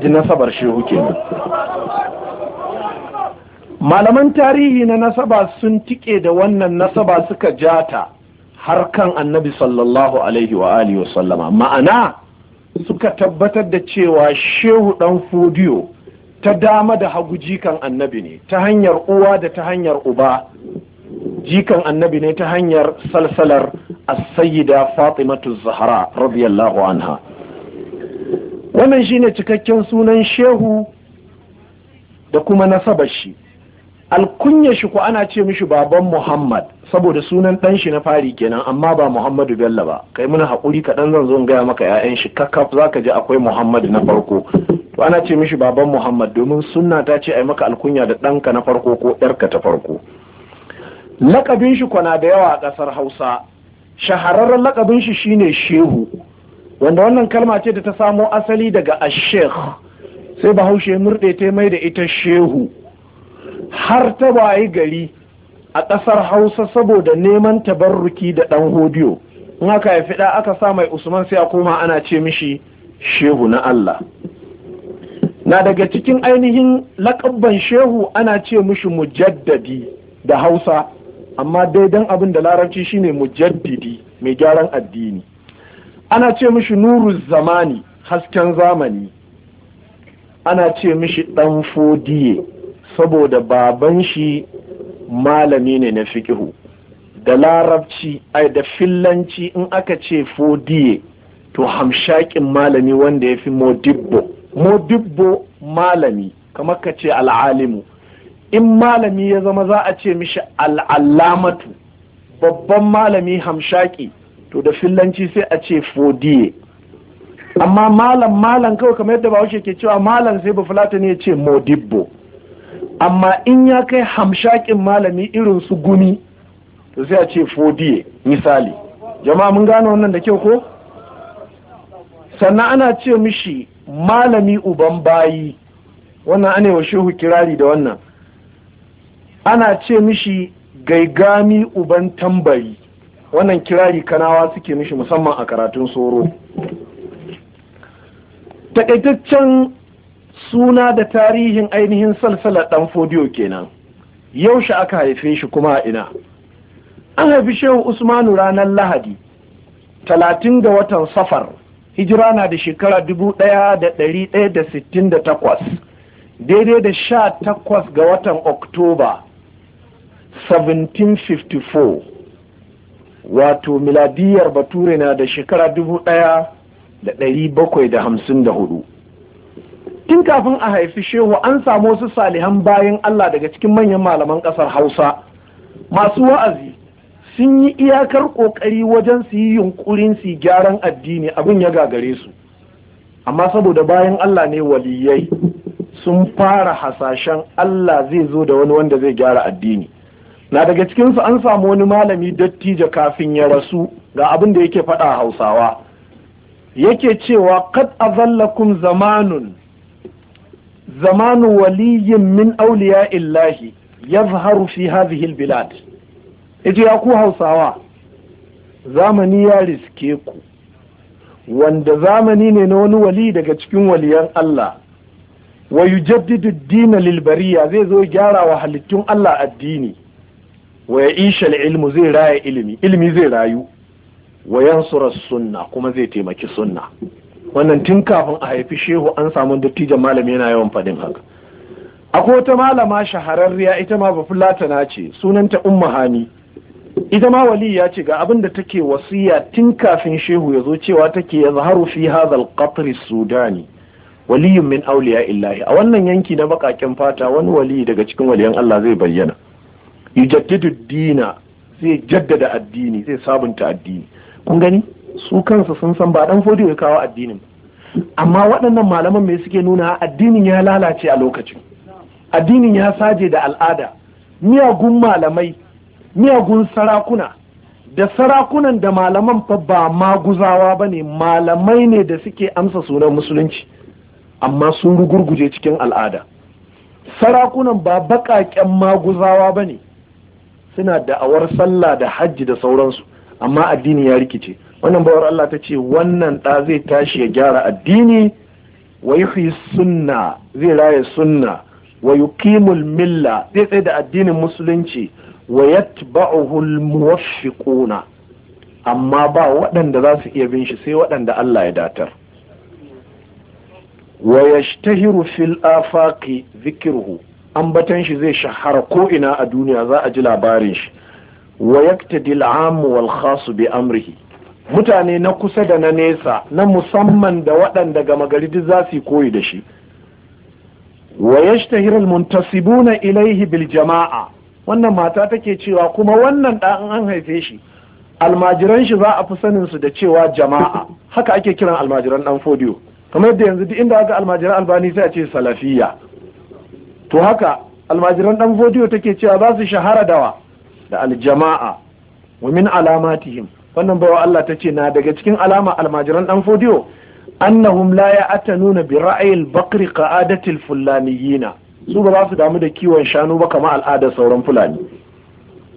ji nasabar shehu kenan malaman tarihi na nasaba sun tike da wannan nasaba suka jata har kan annabi sallallahu alaihi wa wa sallama ma'ana suka tabbatar da cewa shehu ɗan fodiyo ta dama da hagu jikan annabi ne ta hanyar uwa da ta hanyar uba jikan annabi ne ta hanyar salsalar as-sayyida fatimatu zahra radiyallahu anha wannan shine cikakken sunan shehu da kuma nasabar shi alkunya shi ko ana ce mishi baban muhammad saboda sunan ɗan shi na fari kenan amma ba Muhammadu Bello ba kai muna haƙuri kaɗan zan zo gaya maka 'ya'yan shi za ka ji akwai Muhammadu na farko to ana ce mishi baban Muhammad domin sunna ta ce ai maka alkunya da ɗanka na farko ko ƴarka ta farko lakabin shi kwana da yawa a ƙasar Hausa shahararren lakabin shi shine Shehu wanda wannan kalma ce da ta samo asali daga ash sai Bahaushe murɗe ta mai da ita Shehu har ta wayi gari a ƙasar hausa saboda neman tabarruki da ɗan hodiyo in aka haifi ɗa aka sa mai usman sai a koma ana ce mishi shehu na allah na daga cikin ainihin lakabban shehu ana ce mishi mujaddadi da hausa amma daidan abin da larabci shine mujaddidi mai gyaran addini ana ce mishi nuru zamani hasken zamani ana ce mishi ɗan fodiye saboda baban shi malami ne na fiƙihu da larabci ai da fillanci in aka ce fodiye to hamshakin malami wanda ya fi modibbo modibbo malami kamar ka ce al'alimu in malami ya zama za a ce mishi al'alamatu babban malami hamshaki to da fillanci sai a ce fodiye amma malam malam kawai kamar yadda bahaushe ke cewa malam sai ba ne ya ce modibbo amma in ya kai hamshakin malami irin su gumi to sai a ce fodiye misali jama'a mun gano wannan da kyau ko sannan ana ce mishi malami uban bayi wannan ana wa shehu kirari da wannan ana ce mishi gaigami uban tambari wannan kirari kanawa suke mishi musamman a karatun soro takaitaccen suna da tarihin ainihin salsalar ɗan fodiyo kenan yaushe aka haife shi kuma a ina an haifi shehu usmanu ranar lahadi talatin ga watan safar hijira na da shekara dubu ɗaya ɗaya da da da sittin takwas, daidai da sha takwas ga watan oktoba 1754 wato miladiyar bature na da shekara dubu da da da bakwai hamsin hudu. tun kafin a haifi shehu an samu wasu salihan bayan Allah daga cikin manyan malaman ƙasar Hausa masu wa'azi sun yi iyakar ƙoƙari wajen su yi yunƙurin su gyaran addini abin ya gagare su amma saboda bayan Allah ne waliyai sun fara hasashen Allah zai zo da wani wanda zai gyara addini na daga cikin su an samu wani malami dattijo kafin ya rasu ga abin da yake faɗa Hausawa yake cewa kad azallakum zamanun zamanu waliyin min auliya illahi yazharu fi hadhihi albilad ita ya ku hausawa zamani ya riske ku wanda zamani ne na wani wali daga cikin waliyan Allah wa yujaddidu ad-din zai zo gyara wa halittun Allah addini wa ya'isha al zai raya ilimi ilimi zai rayu wa yansura sunna kuma zai taimaki sunna wannan tun kafin a haifi shehu an samu dattijan malami yana yawan faɗin haka akwai wata malama shahararriya ita ma fulatana ce sunanta umma hani ita ma wali ya ce ga abin da take wasiya tun kafin shehu ya zo cewa take ya zaharu fi hazal qatri sudani waliyun min auliya illahi a wannan yanki na bakaken fata wani wali daga cikin waliyan Allah zai bayyana yujaddidu dina zai jaddada addini zai sabunta addini kun gani su kansa sun san ba dan fodiyo ya kawo addinin amma waɗannan malaman me suke nuna addinin ya lalace a lokacin addinin ya saje da al'ada miyagun malamai miyagun sarakuna da sarakunan da malaman fa ba maguzawa ba ne malamai ne da suke amsa sunan musulunci amma sun rugurguje cikin al'ada sarakunan ba baƙaƙen maguzawa ba ne suna da'awar sallah da hajji da sauransu amma addini ya rikice wannan bawar Allah ta ce wannan ɗa zai tashi ya gyara addini wa sunna zai raya sunna wa yuqimul milla zai tsaye da addinin musulunci wa yatba'uhu al-muwaffiquna amma ba waɗanda za su iya bin shi sai waɗanda Allah ya datar wa yashtahiru fil afaqi dhikruhu ambatan shi zai shahara ko'ina a duniya za a ji labarin shi wa yaktadi al wal khasu bi amrihi mutane na kusa da na nesa na musamman da waɗanda gama gari duk za su koyi da shi wa hirar almuntasibuna ilaihi bil jama'a wannan mata take cewa kuma wannan ɗan an haife shi almajiran shi za a fi sanin su da cewa jama'a haka ake kiran almajiran dan fodiyo kamar yadda yanzu duk inda aka almajiran albani sai a ce salafiya to haka almajiran dan fodiyo take cewa za su shahara dawa da aljama'a wa min alamatihim wannan bawa Allah ta ce na daga cikin alama almajiran dan fodiyo annahum la nuna bi ra'yil baqri qa'adatil fulaniyina su ba za su damu da kiwon shanu ba kamar al'adar sauran fulani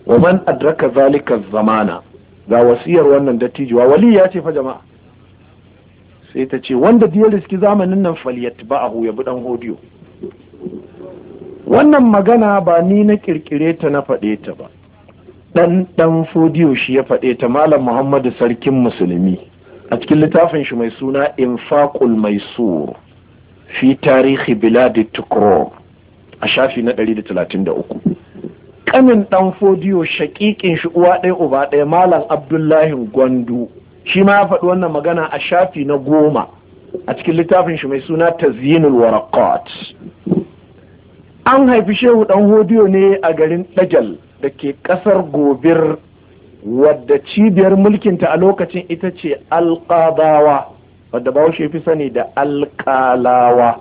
wa man adraka zalika zamana ga wasiyar wannan dattijuwa wali ya ce fa jama'a sai ta ce wanda diyar riski zamanin nan faliyat ba a ya dan hodiyo wannan magana ba ni na kirkire ta na faɗe ta ba Ɗan ɗan fodiyo shi ya faɗe ta malam muhammadu sarkin musulmi a cikin littafin shi mai suna infaqul maisur fi tarihi biladi tukro a shafi na 133 kanin ɗan fodiyo shaƙiƙin shi uwa ɗaya uba ɗaya malam abdullahi gwandu shi ma ya faɗi wannan magana a shafi na goma a cikin littafin shi mai suna Tazinul warakat an haifi shehu ɗan hodiyo ne a garin ɗagal. da ke ƙasar gobir wadda cibiyar mulkinta a lokacin ita ce alƙadawa wadda bahaushe fi sani da alƙalawa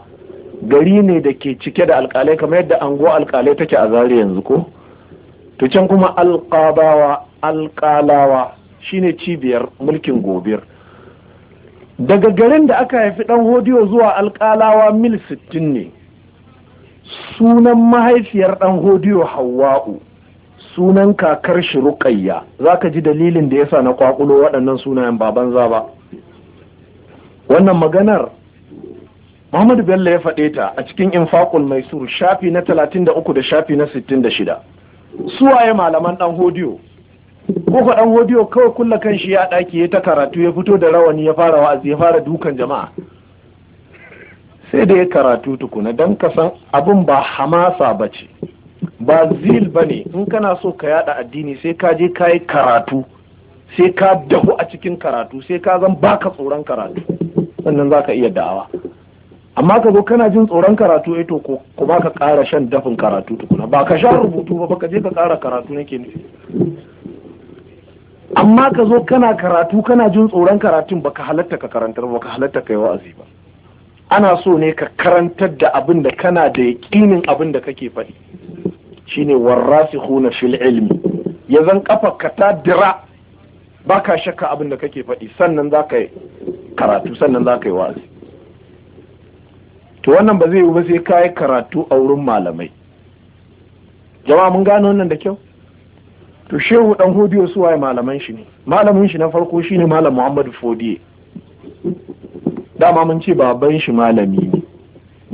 gari ne da ke cike da alƙalai kamar yadda ango alƙalai take a zari yanzu ko to can kuma alƙadawa alƙalawa shine cibiyar mulkin gobir daga garin da aka haifi ɗan hodiyo zuwa alƙalawa mil sittin ne sunan mahaifiyar ɗan hodiyo hawa'u sunan kakar shi za ka ji dalilin da ya sa na kwakulo waɗannan sunayen baban za ba wannan maganar Muhammadu Bello ya faɗe ta a cikin Infaqul Maisur shafi na 33 da shafi na 66 waye malaman ɗan hodiyo ko ɗan hodiyo kawai kulla kan shi ya ɗaki ya ta karatu ya fito da rawani ya fara wa'azi ya fara dukan jama'a sai da ya karatu tukuna don kasan abin ba hamasa ba ce ba zil ba ne in kana so ka yada addini sai ka je ka yi karatu sai ka dahu a cikin karatu sai ka zan baka tsoron karatu sannan za ka iya da'awa amma ka zo kana jin tsoron karatu eh to ko ba ka ƙara shan dafin karatu tukuna ba ka sha rubutu ba ka je ka ƙara karatu nake nufi amma ka zo kana karatu kana jin tsoron karatun baka halatta ka karantar baka halatta yi wa'azi ba ana so ne ka karantar da abin da kana da yaƙinin abin da kake faɗi shine warrasikhuna fil ilmi ya zan kafa ka ta dira baka shakka abin da kake faɗi sannan zaka yi karatu sannan zaka yi wa'azi to wannan ba zai yi ba sai ka yi karatu a wurin malamai jama'a mun gano wannan da kyau to shehu dan hodiyo su waye malaman shi ne malamin shi na farko shine malam Muhammadu Fodiye dama mun ce baban shi malami ne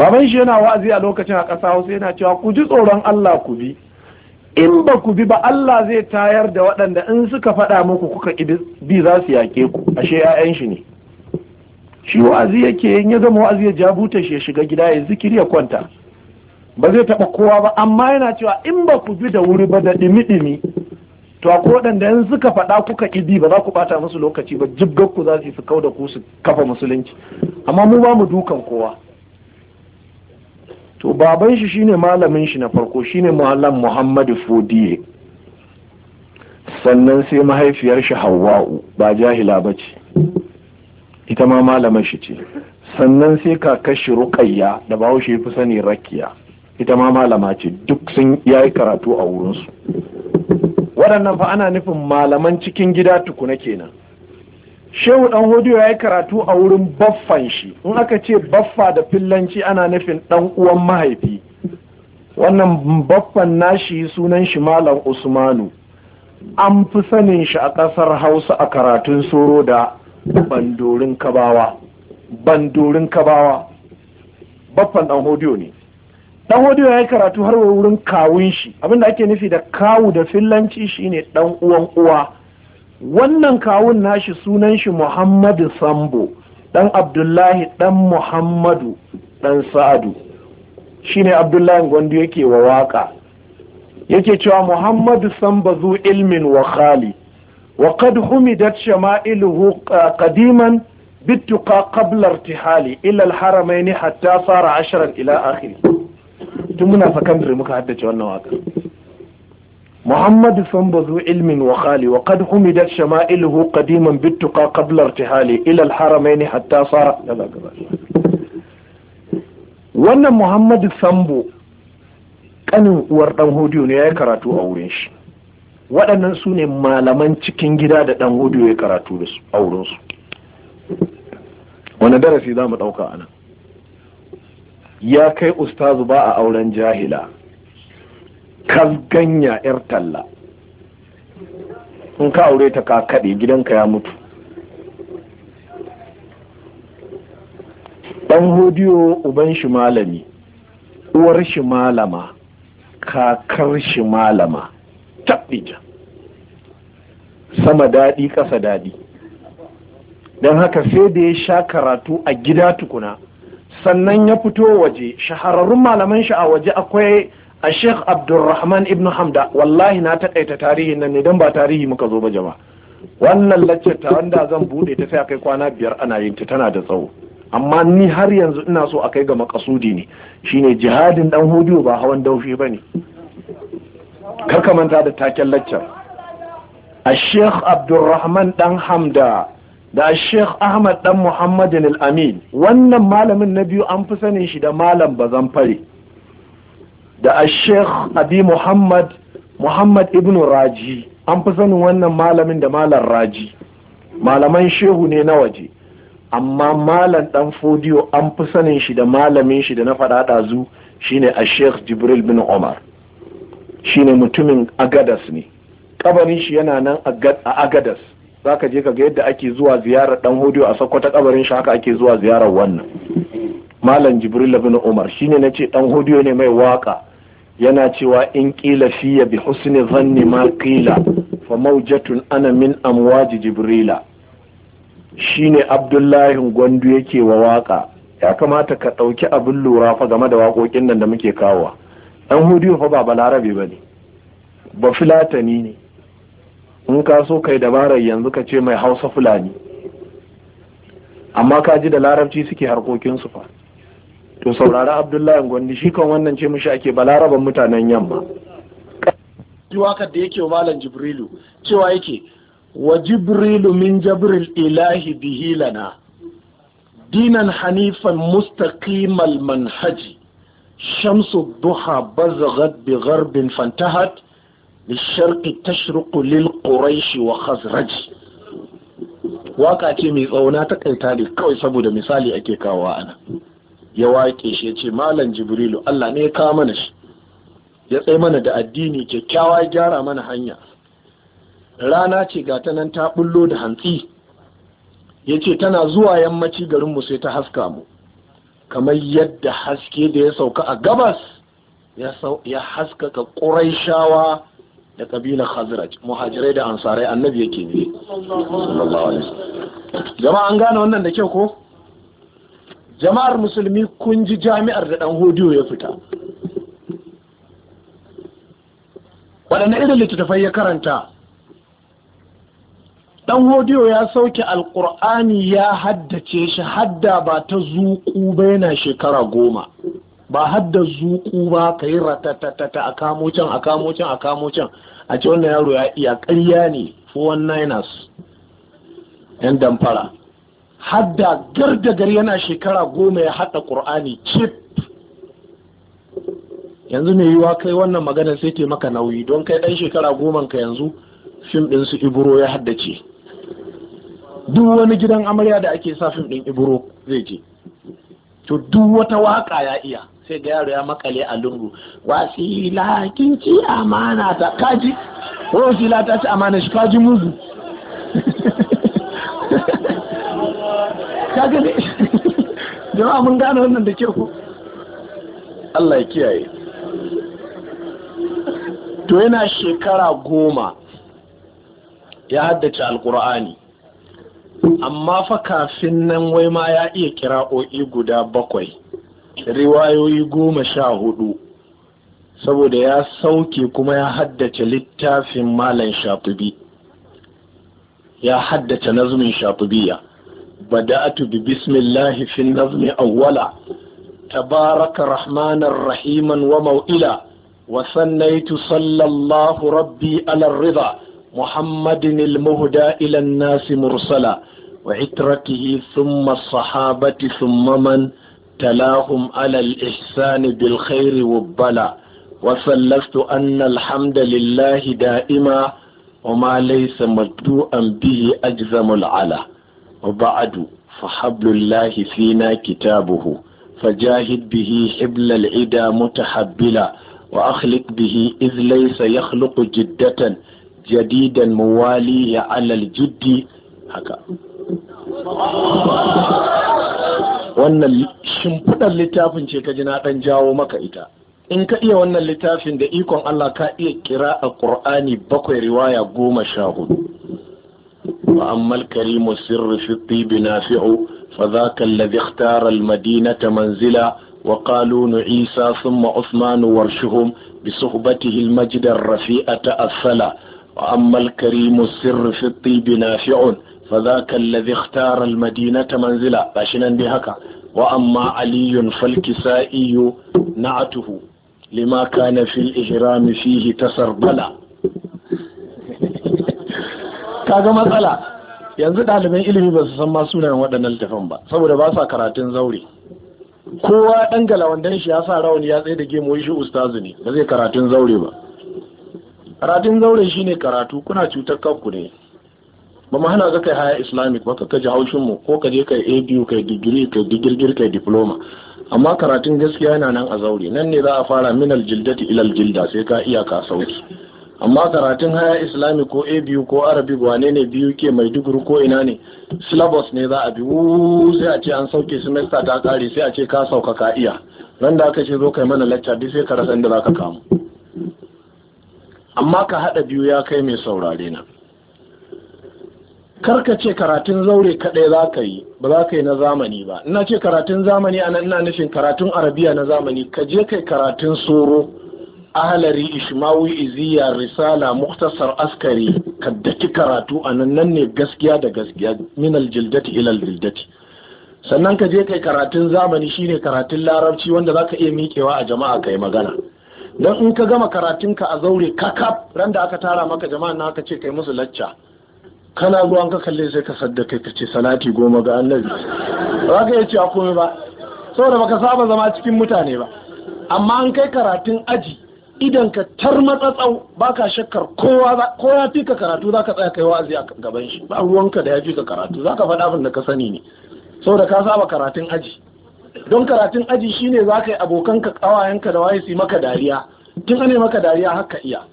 baban shi yana wa'azi a lokacin a ƙasa Hausa yana cewa ku ji tsoron Allah ku bi in ba ku bi ba Allah zai tayar da waɗanda in suka faɗa muku kuka bi za su yaƙe ku ashe 'ya'yan shi ne shi wa'azi yake yin ya zama wa'azi ya jabuta shi ya shiga gida ya zikiri ya kwanta ba zai taɓa kowa ba amma yana cewa in ba ku bi da wuri ba da ɗimi-ɗimi to a ko waɗanda in suka faɗa kuka ƙidi ba za ku ɓata musu lokaci ba jibgar ku za su yi su kau da ku su kafa musulunci amma mu ba mu dukan kowa to baban shi shine malamin shi na farko shine Mallam muhammadu fodiye sannan sai mahaifiyar shi hawa'u ba jahila ba ce ita ma malamin shi ce sannan sai kakar shi rukayya da shi fi sani rakiya ita ma malama ce duk sun yayi karatu a wurinsu waɗannan fa ana nufin malaman cikin gida tukuna kenan shehu ɗan hodiyo ya yi karatu a wurin baffan shi in aka ce baffa da fillanci ana nufin dan uwan mahaifi wannan baffan nashi sunan shi malam usmanu an fi sanin shi a ƙasar hausa a karatun soro da bandorin kabawa bandorin kabawa baffan dan hodiyo ne dan hodiyo ya yi karatu har wurin kawun shi abinda ake nufi da kawu da fillanci shine ɗan uwan uwa wannan kawun nashi sunan shi muhammadu sambo dan abdullahi dan muhammadu dan sa'adu shine abdullahi gwandu yake wa waka yake cewa muhammadu sambo zu ilmin wa khali wa qad humidat shama'iluhu qadiman bittuqa qabla irtihali ila haramai hatta sara ashran ila akhiri tun muna sakandare muka haddace wannan waka محمد فانبذ علم وخالي وقد حمدت شمائله قديما بالتقى قبل ارتحالي إلى الحرمين حتى صار كذا كذا wannan Muhammadu Sambo kanin uwar dan hodiyo ne ya karatu a wurin shi waɗannan su malaman cikin gida da dan hodiyo ya karatu a wurin wani darasi za mu ɗauka a ya kai ustazu ba a auren jahila kalganya 'yar talla in ka aure ta ka kaɗe gidanka ya mutu ɗan hodiyo uban shi malami uwar shi malama kakar shi malama taɓija sama daɗi ƙasa daɗi don haka sai da ya sha karatu a gida tukuna sannan ya fito waje shahararrun malaman shi a waje akwai a sheikh abdulrahman ibn hamda wallahi na takaita tarihin nan ne don ba tarihi muka zo ba jama wannan laccar ta wanda zan bude ta sai akai kwana biyar ana yin ta tana da tsawo amma ni har yanzu ina so akai ga makasudi ne shine jihadin dan hudu ba hawan daufi bane kar ka manta da taken laccar a sheikh abdulrahman dan hamda da sheikh ahmad dan muhammadin al-amin wannan malamin na biyu an fi sanin shi da malam bazan fare da ashekh abi muhammad muhammad ibn raji an fi sanin wannan malamin da malar raji malaman shehu ne na waje amma malam dan fodiyo an fi sanin shi da malamin shi da na faɗa ɗazu shine ashekh jibril bin umar shine mutumin agadas ne kabarin shi yana nan a agadas za ka je ka ga yadda ake zuwa ziyarar dan hodiyo a sakkwata kabarin shi haka ake zuwa ziyarar wannan malam jibril bin umar shine na ce dan hodiyo ne mai waka yana cewa in ƙila fiye bi husni zanni ma ƙila fa maujatun ana min amwaji jibrila shine Abdullahi gwandu yake wa waka ya kamata ka ɗauki abin lura fa game da waƙoƙin nan da muke kawowa ɗan hudiyo fa ba balarabe ba ne ba filatani ne in ka so kai dabarar yanzu ka ce mai hausa fulani amma ka ji da larabci suke harkokinsu fa to saurara abdullahi gwandi shi kan wannan ce mushi ake balaraban mutanen yamma waƙar da yake wa malam jibrilu cewa yake wa jibrilu min jabril ilahi bihi lana dinan hanifan mustaqimal manhaji shamsu duha bazaghat bi gharbin fantahat lil تشرق wa وخزرج Waƙa ce mai tsauna ta kaita ne kawai saboda misali ake kawo ana ya wake shi ya ce malam jibrilu Allah ne ya kawo mana shi ya tsaye mana da addini kyakkyawa ya gyara mana hanya rana ce ga ta nan ta bullo da hantsi ya ce tana zuwa yammaci garinmu sai ta haska mu kamar yadda haske da ya sauka a gabas ya haskaka ƙurai shawa da ƙabilar hazirat muhajirai da ansarai annabi yake ne jama'a an gane wannan da kyau ko jama'ar musulmi kun ji jami'ar da ɗan hodiyo ya fita waɗanne irin littattafai ya karanta ɗan hodiyo ya sauke alƙur'ani ya haddace shi hadda ba ta zuƙu ba yana shekara goma ba hadda zuƙu ba ka yi ratatatata a kamo a kamo a kamo a ce wannan yaro ya iya ƙarya ne 419 yan damfara hadda gardagar yana shekara goma ya haɗa ƙur'ani cip yanzu mai yiwa kai wannan magana sai taimaka maka nauyi don kai ɗan shekara goma ka yanzu fim ɗin su iburo ya haddace duk wani gidan amarya da ake sa fim ɗin Ibro zai je to duk wata waka ya iya sai ga yaro ya makale a lungu wasila kin ci amana ta kaji wasila ta ci amana shi kaji muzu ka gane jama'a mun gane wannan da ke ku Allah ya kiyaye to yana shekara goma ya haddace alkur'ani amma fa kafin nan wai ma ya iya kira'o'i guda bakwai riwayoyi goma sha hudu saboda ya sauke kuma ya haddace littafin malam shafi ya haddace nazumin Shafi biya. بدأت ببسم الله في النظم أولا تبارك الرحمن الرحيم وموئلا وثنيت صلى الله ربي على الرضا محمد المهدى إلى الناس مرسلا وعترته ثم الصحابة ثم من تلاهم على الإحسان بالخير والبلا وثلثت أن الحمد لله دائما وما ليس مدوءا به أجزم العلا وبعد فحبل الله فينا كتابه فجاهد به حبل العدا متحبلا وأخلق به إذ ليس يخلق جدة جديدا موالي على الجد هكا wannan shimfiɗar littafin ce ka ji na ɗan jawo maka ita in ka iya wannan littafin da ikon Allah ka iya kira a ƙur'ani bakwai riwaya goma sha hudu وأما الكريم السر في الطيب نافع فذاك الذي اختار المدينة منزلا وقالون عيسى ثم عثمان ورشهم بصحبته المجد الرفيع تأثلا وأما الكريم السر في الطيب نافع فذاك الذي اختار المدينة منزلا باشنا بهكا وأما علي فالكسائي نعته لما كان في الإجرام فيه تسربلا kaga matsala yanzu ɗaliban ilimi ba su san ma sunayen waɗannan littafan ba saboda ba sa karatun zaure kowa ɗan galawandan shi ya sa rawani ya tsaye da gemu shi ustazu ne ba zai karatun zaure ba karatun zaure shine karatu kuna cutar kanku ne ba mu hana ka kai haya islamic ba ka kaji haushin mu ko ka je kai abu kai digiri kai digirgir kai diploma amma karatun gaskiya yana nan a zaure nan ne za a fara min aljildati ilal jilda, sai ka iya ka sauki amma karatun haya islami ko a biyu ko arabi wane ne biyu ke mai duguru ko ina ne syllabus ne za a bi sai a ce an sauke semester ta kare sai a ce ka sauka ka iya nan da aka ce zo kai mana lacca duk sai ka rasa inda za ka kamu amma ka hada biyu ya kai mai saurare na karka ce karatun zaure kadai za ka yi ba za ka yi na zamani ba ina ce karatun zamani ana ina nufin karatun arabiya na zamani ka je kai karatun soro ahalari ishmawi iziya risala muktasar askari kaddaki karatu a nan ne gaskiya da gaskiya minal jildati ilal jildati sannan ka je kai karatun zamani shine karatun larabci wanda zaka iya miƙewa a jama'a kai magana dan in ka gama karatunka a zaure kakaf ran da aka tara maka jama'a na aka ce kai musu lacca kana zuwa ka kalle sai ka sadda kai ka ce salati goma ga annabi ba ka iya a komai ba saboda baka saba zama cikin mutane ba amma an kai karatun aji idan ka matsatsau ba ka shakkar kowa ko ya fi ka karatu za ka tsaya kai wa'azi a gaban shi ba ruwanka da ya fi ka karatu za ka faɗa abin da ka sani ne saboda ka saba karatun aji don karatun aji shine za ka yi abokanka kawayenka da waye su maka dariya tun ne maka dariya haka iya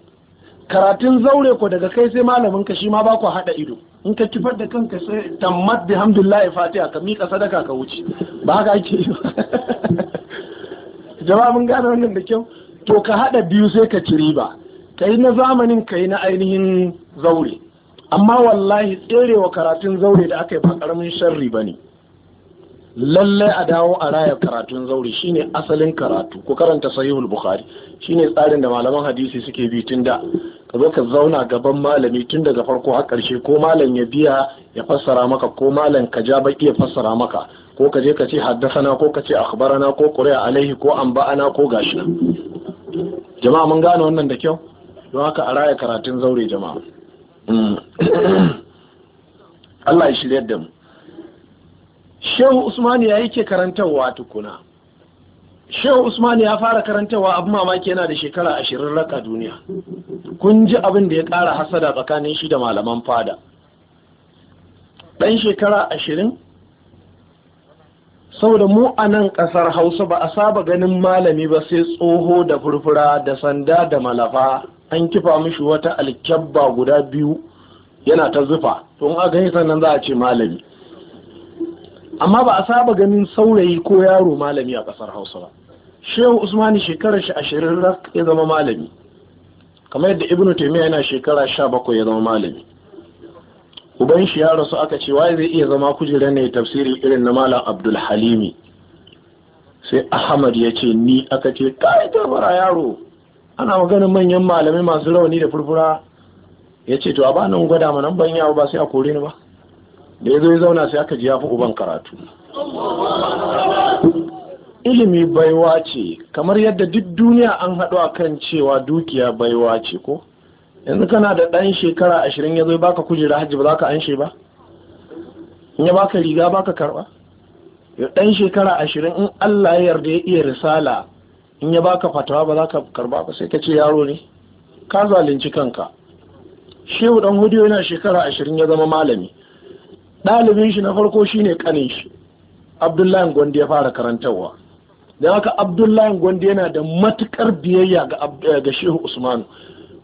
karatun zaure ko daga kai sai malamin ka shi ma ba ku haɗa ido in ka kifar da kanka sai tammat bihamdulillah fatiha ka miƙa sadaka ka wuce ba ka ake yi jama'a mun gane wannan da kyau to ka haɗa biyu sai ka ci riba ka yi na zamanin ka yi na ainihin zaure amma wallahi tserewa karatun zaure da aka yi ba ƙaramin sharri ba ne lallai a dawo a raya karatun zaure shine asalin karatu ku karanta sahihul bukhari shine tsarin da malaman hadisi suke bi tun da ka zo ka zauna gaban malami tun daga farko har ƙarshe ko malam ya biya ya fassara maka ko malam ka ja baki ya fassara maka ko ka je ka ce haddasa na, ko ka ce akhbarana ko qur'a alaihi ko anba'ana ko gashi jama'a mun gane wannan da kyau don haka a raya karatun zaure jama'a mm. Allah ya shirya da mu Shehu Usman ya yake karantarwa tukuna Shehu Usman ya fara karantarwa abu mamaki yana da shekara ashirin raka duniya kun ji abin da ya kara hasada tsakanin shi da malaman fada ɗan shekara ashirin saboda mu a nan ƙasar hausa ba a saba ganin malami ba sai tsoho da furfura da sanda da malafa an kifa mishi wata alkyabba guda biyu yana ta zufa tun aka yi sannan za a ce malami amma ba a saba ganin saurayi ko yaro malami a ƙasar hausa ba shehu usmani shekarar shi ashirin ya zama malami kamar yadda ibnu taimiyya yana shekara sha bakwai ya zama malami uban shi ya rasu aka ce wai zai iya zama kujerar ne tafsiri irin na malam abdul halimi sai ahmad ya ce ni aka ce kai tabara yaro ana maganin manyan malamai masu rauni da furfura ya ce to a ba nan gwada mana ban yawo ba sai a kore ni ba da ya zo ya zauna sai aka ji ya fi uban karatu ilimi baiwa ce kamar yadda duk duniya an haɗu a kan cewa dukiya baiwa ce ko yanzu kana da ɗan shekara ashirin ya zo baka kujera hajji ba za ka anshe ba in ya baka riga baka karɓa ɗan shekara ashirin in Allah ya yarda ya iya risala in ya baka fatawa ba za ka karɓa ba sai ka ce yaro ne ka zalunci kanka shehu ɗan hudu yana shekara ashirin ya zama malami ɗalibin shi na farko shine ƙanin shi abdullahi gwandi ya fara karantarwa da haka abdullahi gwandi yana da matukar biyayya ga shehu usmanu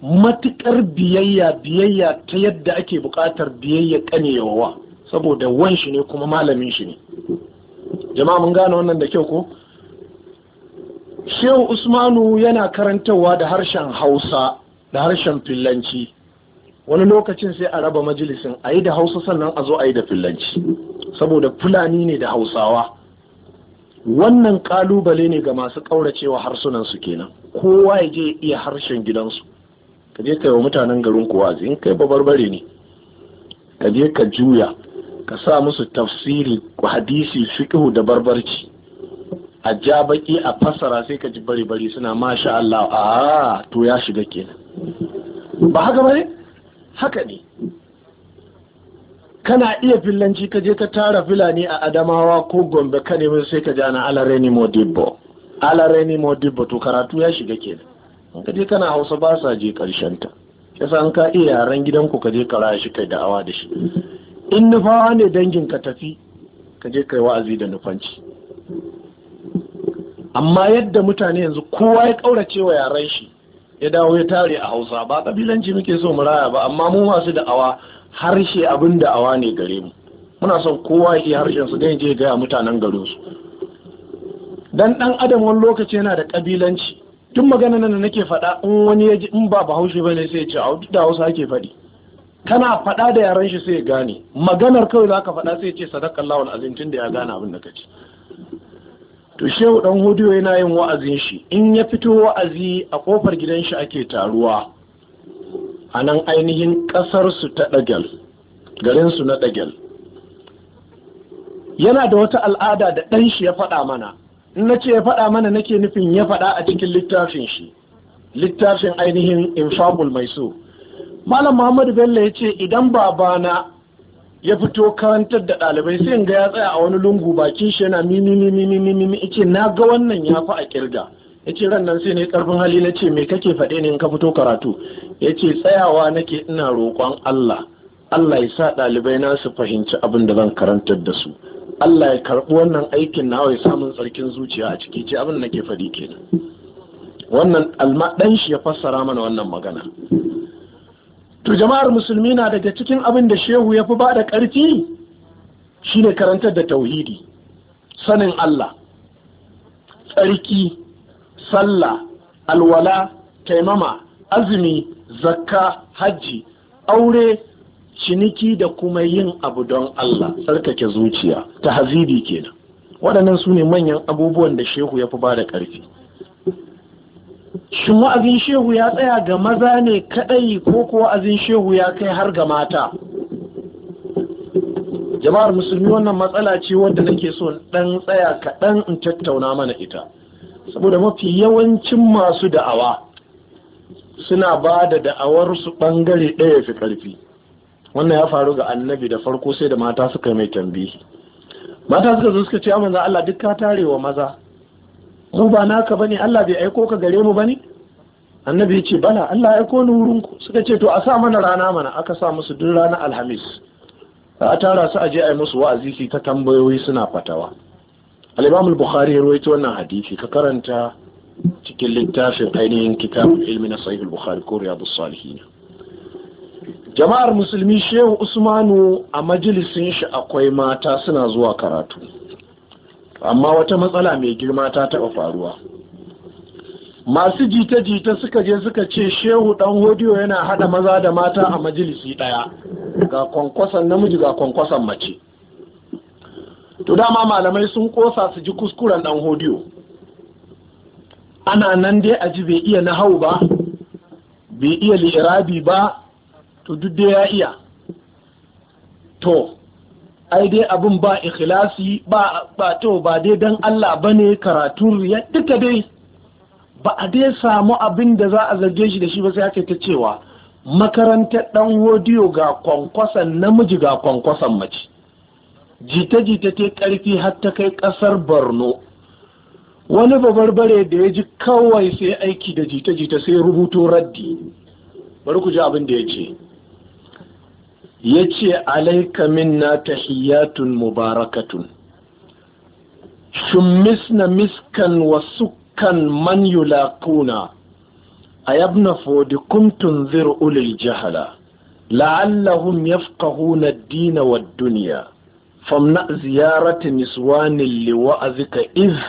matuƙar biyayya biyayya ta yadda ake buƙatar biyayya kanewa saboda wan shi ne kuma malamin shi ne jama'a mun gane wannan da kyau ko shehu usmanu yana karantarwa da harshen hausa da harshen fillanci wani lokacin sai a raba majalisin a yi da hausa sannan a zo a yi da fillanci saboda fulani ne da hausawa wannan kalubale ne ga masu ƙauracewa harsunansu kenan kowa ya je iya harshen gidansu ka je kai wa mutanen garin ku wa'azi in kai babarbare ne ka je ka juya ka sa musu tafsiri hadisi fiqhu da barbarci a ja baki a fassara sai ka ji bari bari suna masha Allah a to ya shiga kenan ba haka bane haka ne kana iya fillanci ka je ka tara filani a adamawa ko gombe ka nemi sai ka ji ana alareni modibbo alareni modibbo to karatu ya shiga kenan in ka je kana hausa ba sa je karshen ta yasa an ka iya yaren gidanku ka je ka raya shi kai da'awa da shi in nufawa ne dangin ka tafi ka je kai wa'azi da nufanci amma yadda mutane yanzu kowa ya kaurace wa yaren shi ya dawo ya tare a hausa ba kabilanci muke so mu raya ba amma mu masu da'awa harshe abin da'awa ne gare mu muna son kowa ya iya harshen su dan je gaya mutanen garin su dan dan adam wani lokaci yana da kabilanci tun magana nan nake faɗa in wani ya ji in ba bahaushe ba ne sai ya ce a da hausa ake faɗi kana faɗa da yaran shi sai ya gane maganar kawai za ka faɗa sai ya ce sadakallahu lawan azincin da ya gane abin da ka ce to shehu dan hudu yana yin wa'azin shi in ya fito wa'azi a kofar gidan shi ake taruwa a nan ainihin kasarsu su ta dagal garin su na ɗagal yana da wata al'ada da ɗan shi ya faɗa mana na ce ya faɗa mana nake nufin ya faɗa a cikin littafin shi littafin ainihin infamul mai so malam muhammadu bello ya ce idan babana ya fito karantar da ɗalibai sai ga ya tsaya a wani lungu bakin shi yana mimi mimi mimi mimi ce na ga wannan ya fi a kirga ce ran nan sai ne karfin hali na ce me kake faɗe ne in ka fito karatu Ya ce tsayawa nake ina roƙon Allah Allah ya sa ɗalibai na su fahimci abin da zan karantar da su Allah ya karɓi wannan aikin nawa ya samun tsarkin zuciya a ciki ce abin da nake faɗi nan, wannan ɗan shi ya fassara mana wannan magana to jama'ar musulmi na daga cikin abin da shehu ya fi ba da ƙarfi shine karantar da tauhidi sanin Allah tsarki sallah alwala taimama azumi zakka hajji aure ciniki da kuma yin abu don Allah sarkake zuciya ta hazidi kenan waɗannan su ne manyan abubuwan da shehu ya fi ba da ƙarfi shin wa'azin shehu ya tsaya ga maza ne kaɗai ko kuwa azin shehu ya kai har ga mata jama'ar musulmi wannan matsala ce wanda nake so ɗan tsaya kaɗan in tattauna mana ita saboda mafi yawancin masu da'awa suna ba da da'awarsu ɓangare ɗaya fi ƙarfi wannan ya faru ga annabi da farko sai da mata suka mai tambihi mata suka zo suka ce manzo Allah duk ka tare wa maza mu ba naka bane Allah bai aiko ka gare mu bane annabi ya ce bala Allah ya aiko ni wurin suka ce to a sa mana rana mana aka sa musu duk rana alhamis a tara su a je a yi musu wa'azi su ta tambayoyi suna fatawa al-Imam al-Bukhari ya rawaito wannan hadisi ka karanta cikin littafin ainihin kitabul ilmi na sahih al-Bukhari ko riyadus salihin jama'ar musulmi shehu usmanu a majalisin shi akwai mata suna zuwa karatu amma wata matsala mai girma ta taɓa faruwa masu jita-jita suka je suka ce shehu ɗan hodiyo yana haɗa maza da mata a majalisi ɗaya ga kwankwasan namiji ga kwankwason mace to dama malamai sun kosa su ji kuskuren ɗan hodiyo ana nan dai a ji bai iya nahau ba bai iya lirabi ba to duk da ya iya to ai dai abin ba ikhlasi ba ba to ba dai dan Allah bane karatu ya duka dai ba a dai samu abin da za a zarge shi da shi ba sai ake ta cewa makarantar dan wodiyo ga kwankwasan namiji ga kwankwasan mace jita-jita ta karfi har ta kai kasar Borno wani babarbare da ya ji kawai sai aiki da jita-jita sai rubuto raddi bari ku ji abin da ya ce yace alayka minna tahiyatun mubarakatun shummisna miskan wa sukkan man yulaquna ayabna fodi kuntun zir ulil jahala la'allahum yafqahuna ad-din wa ad dunya famna ziyarati niswan li wa'azika iz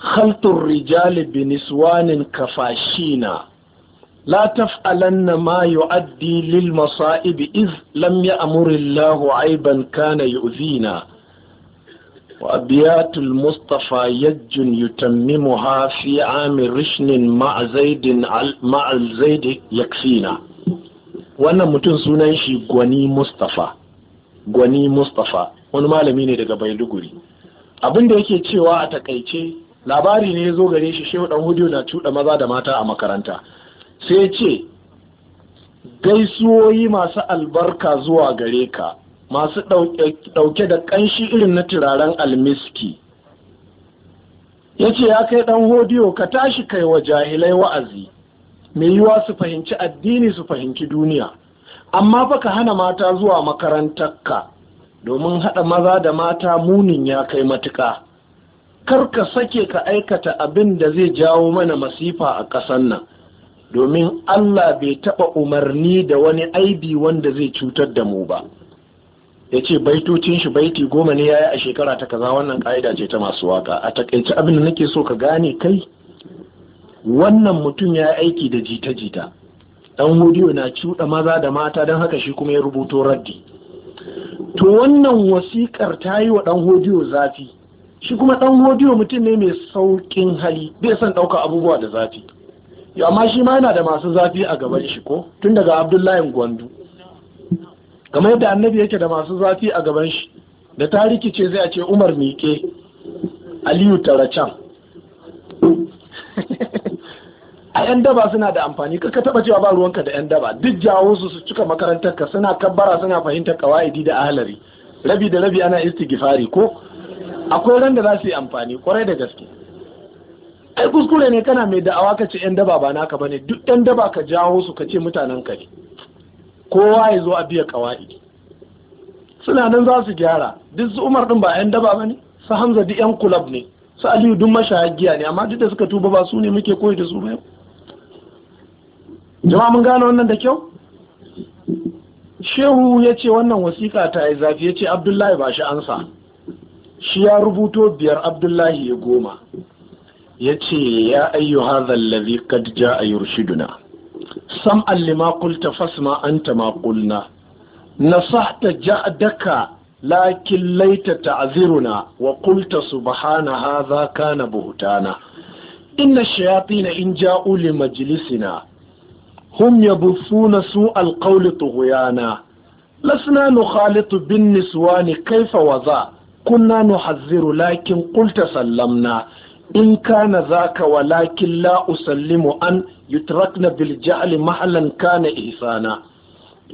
خلط الرجال بنسوان كفاشينا لا تفعلن ما يؤدي للمصائب إذ لم يأمر الله عيبا كان يؤذينا وأبيات المصطفى يج يتممها في عام رشن مع زيد مع الزيد يكفينا وأنا متن سننشي غني مصطفى غني مصطفى wani malami ne daga Bailuguri abin da yake cewa a takaice labari ne ya zo gare shi shehu dan hudu na cuɗa maza da mata a makaranta sai ce gaisuwoyi masu albarka zuwa gare ka masu ɗauke da ƙanshi irin na turaren almiski ya ce ya kai ɗan hodiyo ka tashi kai wa jahilai wa'azi mai yiwa su fahimci addini su fahimci duniya amma fa ka hana mata zuwa makarantarka domin haɗa maza da mata munin ya kai matuƙa kar ka sake ka aikata abin da zai jawo mana masifa a ƙasar nan domin Allah bai taɓa umarni da wani aibi wanda zai cutar da mu ba ya ce baitocin shi baiti goma ne ya yi a shekara ta kaza wannan ka'ida ce ta masu waka a takaice abin da nake so ka gane kai wannan mutum ya aiki da jita-jita Ɗan hudiyo na cuɗa maza da mata don haka shi kuma ya rubuto raddi to wannan wasiƙar ta yi wa dan hudiyo zafi shi kuma ɗan hodiyo mutum ne mai sauƙin hali bai son ɗauka abubuwa da zafi ya ma shi ma yana da masu zafi a gaban shi ko tun daga abdullahi gwandu kamar yadda annabi yake da masu zafi a gaban shi da ta rikice zai a ce umar mike aliyu taracan a 'yan daba suna da amfani ka taba cewa ba ruwanka da 'yan daba duk jawo su su cika makarantar ka suna kabbara suna fahimtar kawaidi da ahlari rabi da rabi ana istigifari ko akwai ran da za su yi amfani kwarai da gaske ai kuskure ne kana mai da'awa ka ce yan daba ba naka bane duk yan daba ka jawo su ka ce mutanen ka ne kowa ya zo a biya kawai suna nan za su gyara duk su umar din ba yan daba bane su hamza duk yan kulab ne su aliyu duk mashahagiya ne amma duk da suka tuba ba su ne muke koyi da su ba yau jama'a mun gane wannan da kyau shehu ya ce wannan wasiƙa ta yi zafi ya ce abdullahi ba shi ansa shi ya rubuto biyar abdullahi ya goma ya ce ya ayyu hadha allazi qad jaa yurshiduna sam'an lima qulta fasma anta ma qulna nasahta ja'daka lakin laita ta'ziruna wa qulta subhana hadha kana buhtana inna shayatina in ja'u li majlisina hum yabuthuna su'al qawli tughyana لسنا نخالط بالنسوان كيف وضع كنا نحذر لكن قلت سلمنا إن كان ذاك ولكن لا أسلم أن يتركن بالجعل محلا كان إحسانا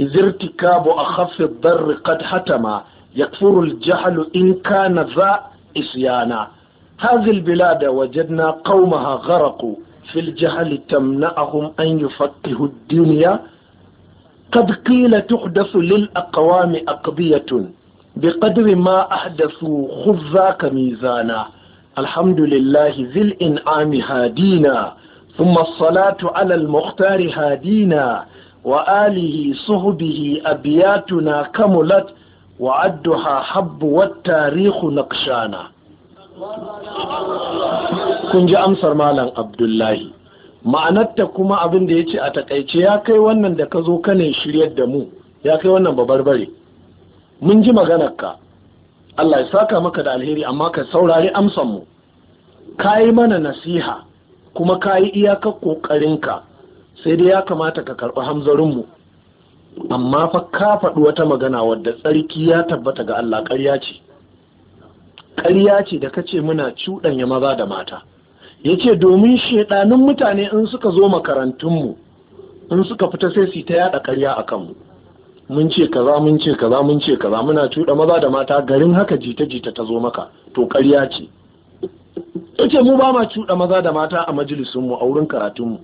إذ ارتكاب أخف الضر قد حتما يكفر الجهل إن كان ذا إسيانا هذه البلاد وجدنا قومها غرقوا في الجهل تمنعهم أن يفقهوا الدنيا قد قيل تحدث للأقوام أقضية بقدر ما أحدثوا خذاك ميزانا الحمد لله ذي الإنعام Hadina, ثم الصلاة على المختار هادينا وآله صهبه أبياتنا كملت وعدها حب والتاريخ نقشانا kun ji amsar malam abdullahi ma'anarta kuma abin da ya ce a takaice ya kai wannan da ka zo ka shiryar da mu ya kai wannan babarbare mun ji maganarka Allah ya saka maka da alheri amma ka saurari amsan mu kayi mana nasiha kuma kayi iyakar ƙoƙarinka, sai dai ya kamata ka karɓi hamzarin amma fa ka faɗi wata magana wadda tsarki ya tabbata ga Allah ƙarya ce ƙarya ce da kace muna cuɗanya maza da mata yace domin shedanin mutane in suka zo makarantunmu in suka fita sai su ta yaɗa ƙarya a kanmu mun ce kaza mun ce kaza mun ce kaza muna cuɗa maza da mata garin haka jita jita ta zo maka to ƙarya ce yace mu ba ma cuɗa maza da mata a majalisun mu a wurin karatun mu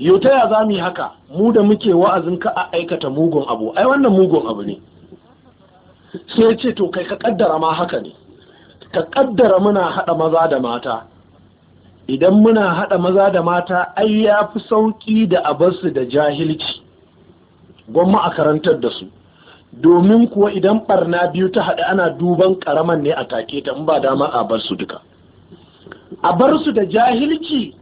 yau ta ya za mu yi haka mu da muke wa'azin ka a aikata mugun abu ai wannan mugun abu ne sai ce to kai ka kaddara ma haka ne ka kaddara muna haɗa maza da mata idan muna haɗa maza da mata ai ya fi sauƙi da abarsu da jahilci gwamma a karantar da su domin kuwa idan barna biyu ta haɗe, ana duban ƙaraman ne a take ta in ba dama a bar su duka a bar su da jahilci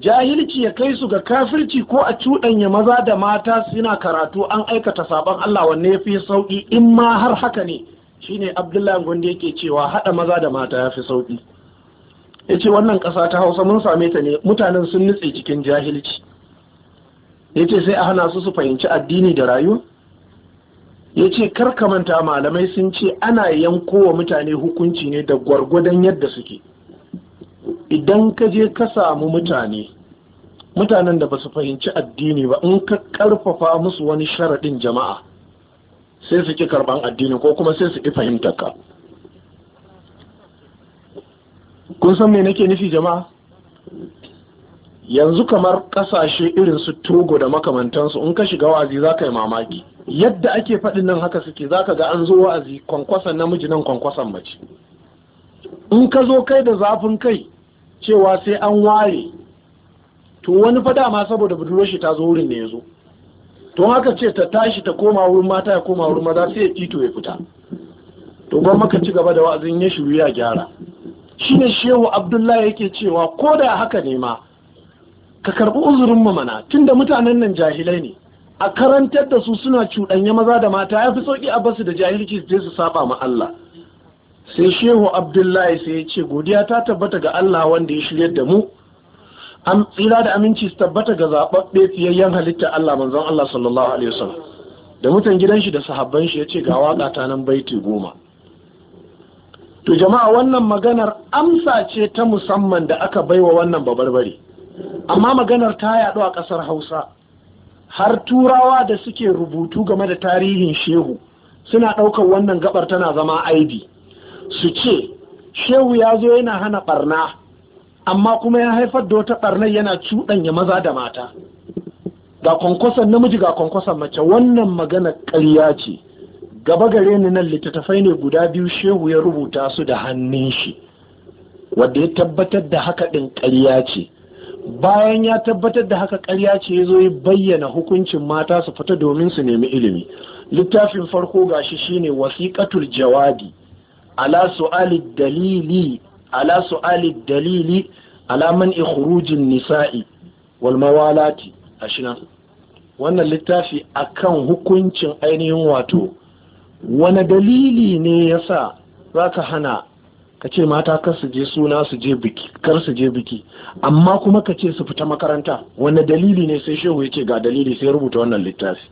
jahilci ya kai su ga kafirci ko a cuɗanya maza da mata suna karatu an aikata sabon Allah wanne ya fi sauƙi in ma har haka ne shi ne Abdullahi Gondi yake cewa haɗa maza da mata ya fi sauƙi Ya ce wannan ƙasa ta Hausa mun same ta ne mutanen sun nutse cikin jahilci ya ce sai a hana su su fahimci addini da rayuwa ya ce karkamanta malamai sun ce ana yanko wa mutane hukunci ne da gwargwadon yadda suke idan ka je ka samu mutane mutanen da ba su fahimci addini ba in ka karfafa musu wani sharaɗin jama'a sai su ki karban addini ko kuma sai su ki fahimtar ka kun san me nake nufi jama'a yanzu kamar kasashe irin su togo da makamantansu in ka shiga wa'azi za ka yi mamaki yadda ake faɗin nan haka suke za ka ga an zo wa'azi kwankwason namiji nan kwankwason mace in ka zo kai da zafin kai cewa sai an ware to wani fada ma saboda budurwar shi ta zo wurin ne ya zo to haka ce ta tashi ta koma wurin mata ya koma wurin maza sai ya kito ya fita to ban maka ci gaba da wa'azin ya shiru ya gyara shine shehu abdullahi yake cewa ko da haka ne ma ka karɓi uzurin mu mana tunda mutanen nan jahilai ne a karantar da su suna cuɗanya maza da mata ya fi sauƙi a basu da jahilci su je su saba ma Allah sai shehu abdullahi sai ya ce godiya ta tabbata ga Allah wanda ya shiryar da mu an tsira da aminci su tabbata ga zaɓaɓɓe fiyayyen halitta Allah manzon Allah sallallahu alaihi wasallam da mutan gidan shi da sahabban shi ya ce ga waƙa ta nan baiti goma to jama'a wannan maganar amsa ce ta musamman da aka baiwa wannan babarbare amma maganar ta yaɗu a ƙasar hausa har turawa da suke rubutu game da tarihin shehu suna ɗaukar wannan gabar tana zama aibi su ce shehu ya zo yana hana ɓarna amma kuma ya haifar da wata ɓarnar yana cuɗanya maza da mata ga kwankwason namiji ga kwankwason mace wannan magana ƙarya ce gaba gare ni nan littattafai ne guda biyu shehu ya rubuta su da hannun shi wadda ya tabbatar da haka ɗin ƙarya ce bayan ya tabbatar da haka ƙarya ce ya zo ya bayyana hukuncin mata su fita domin su nemi ilimi littafin farko gashi shine wasiƙatul jawadi ala su'ali dalili ala su'ali dalili ala man ikhrujin nisa'i wal mawalati ashina wannan littafi akan hukuncin ainihin wato wani dalili ne yasa zaka hana ka ce mata kar su je suna su je biki kar su je biki amma kuma ka ce su fita makaranta wanne dalili ne sai shehu ya ce ga dalili sai rubuta wannan littafi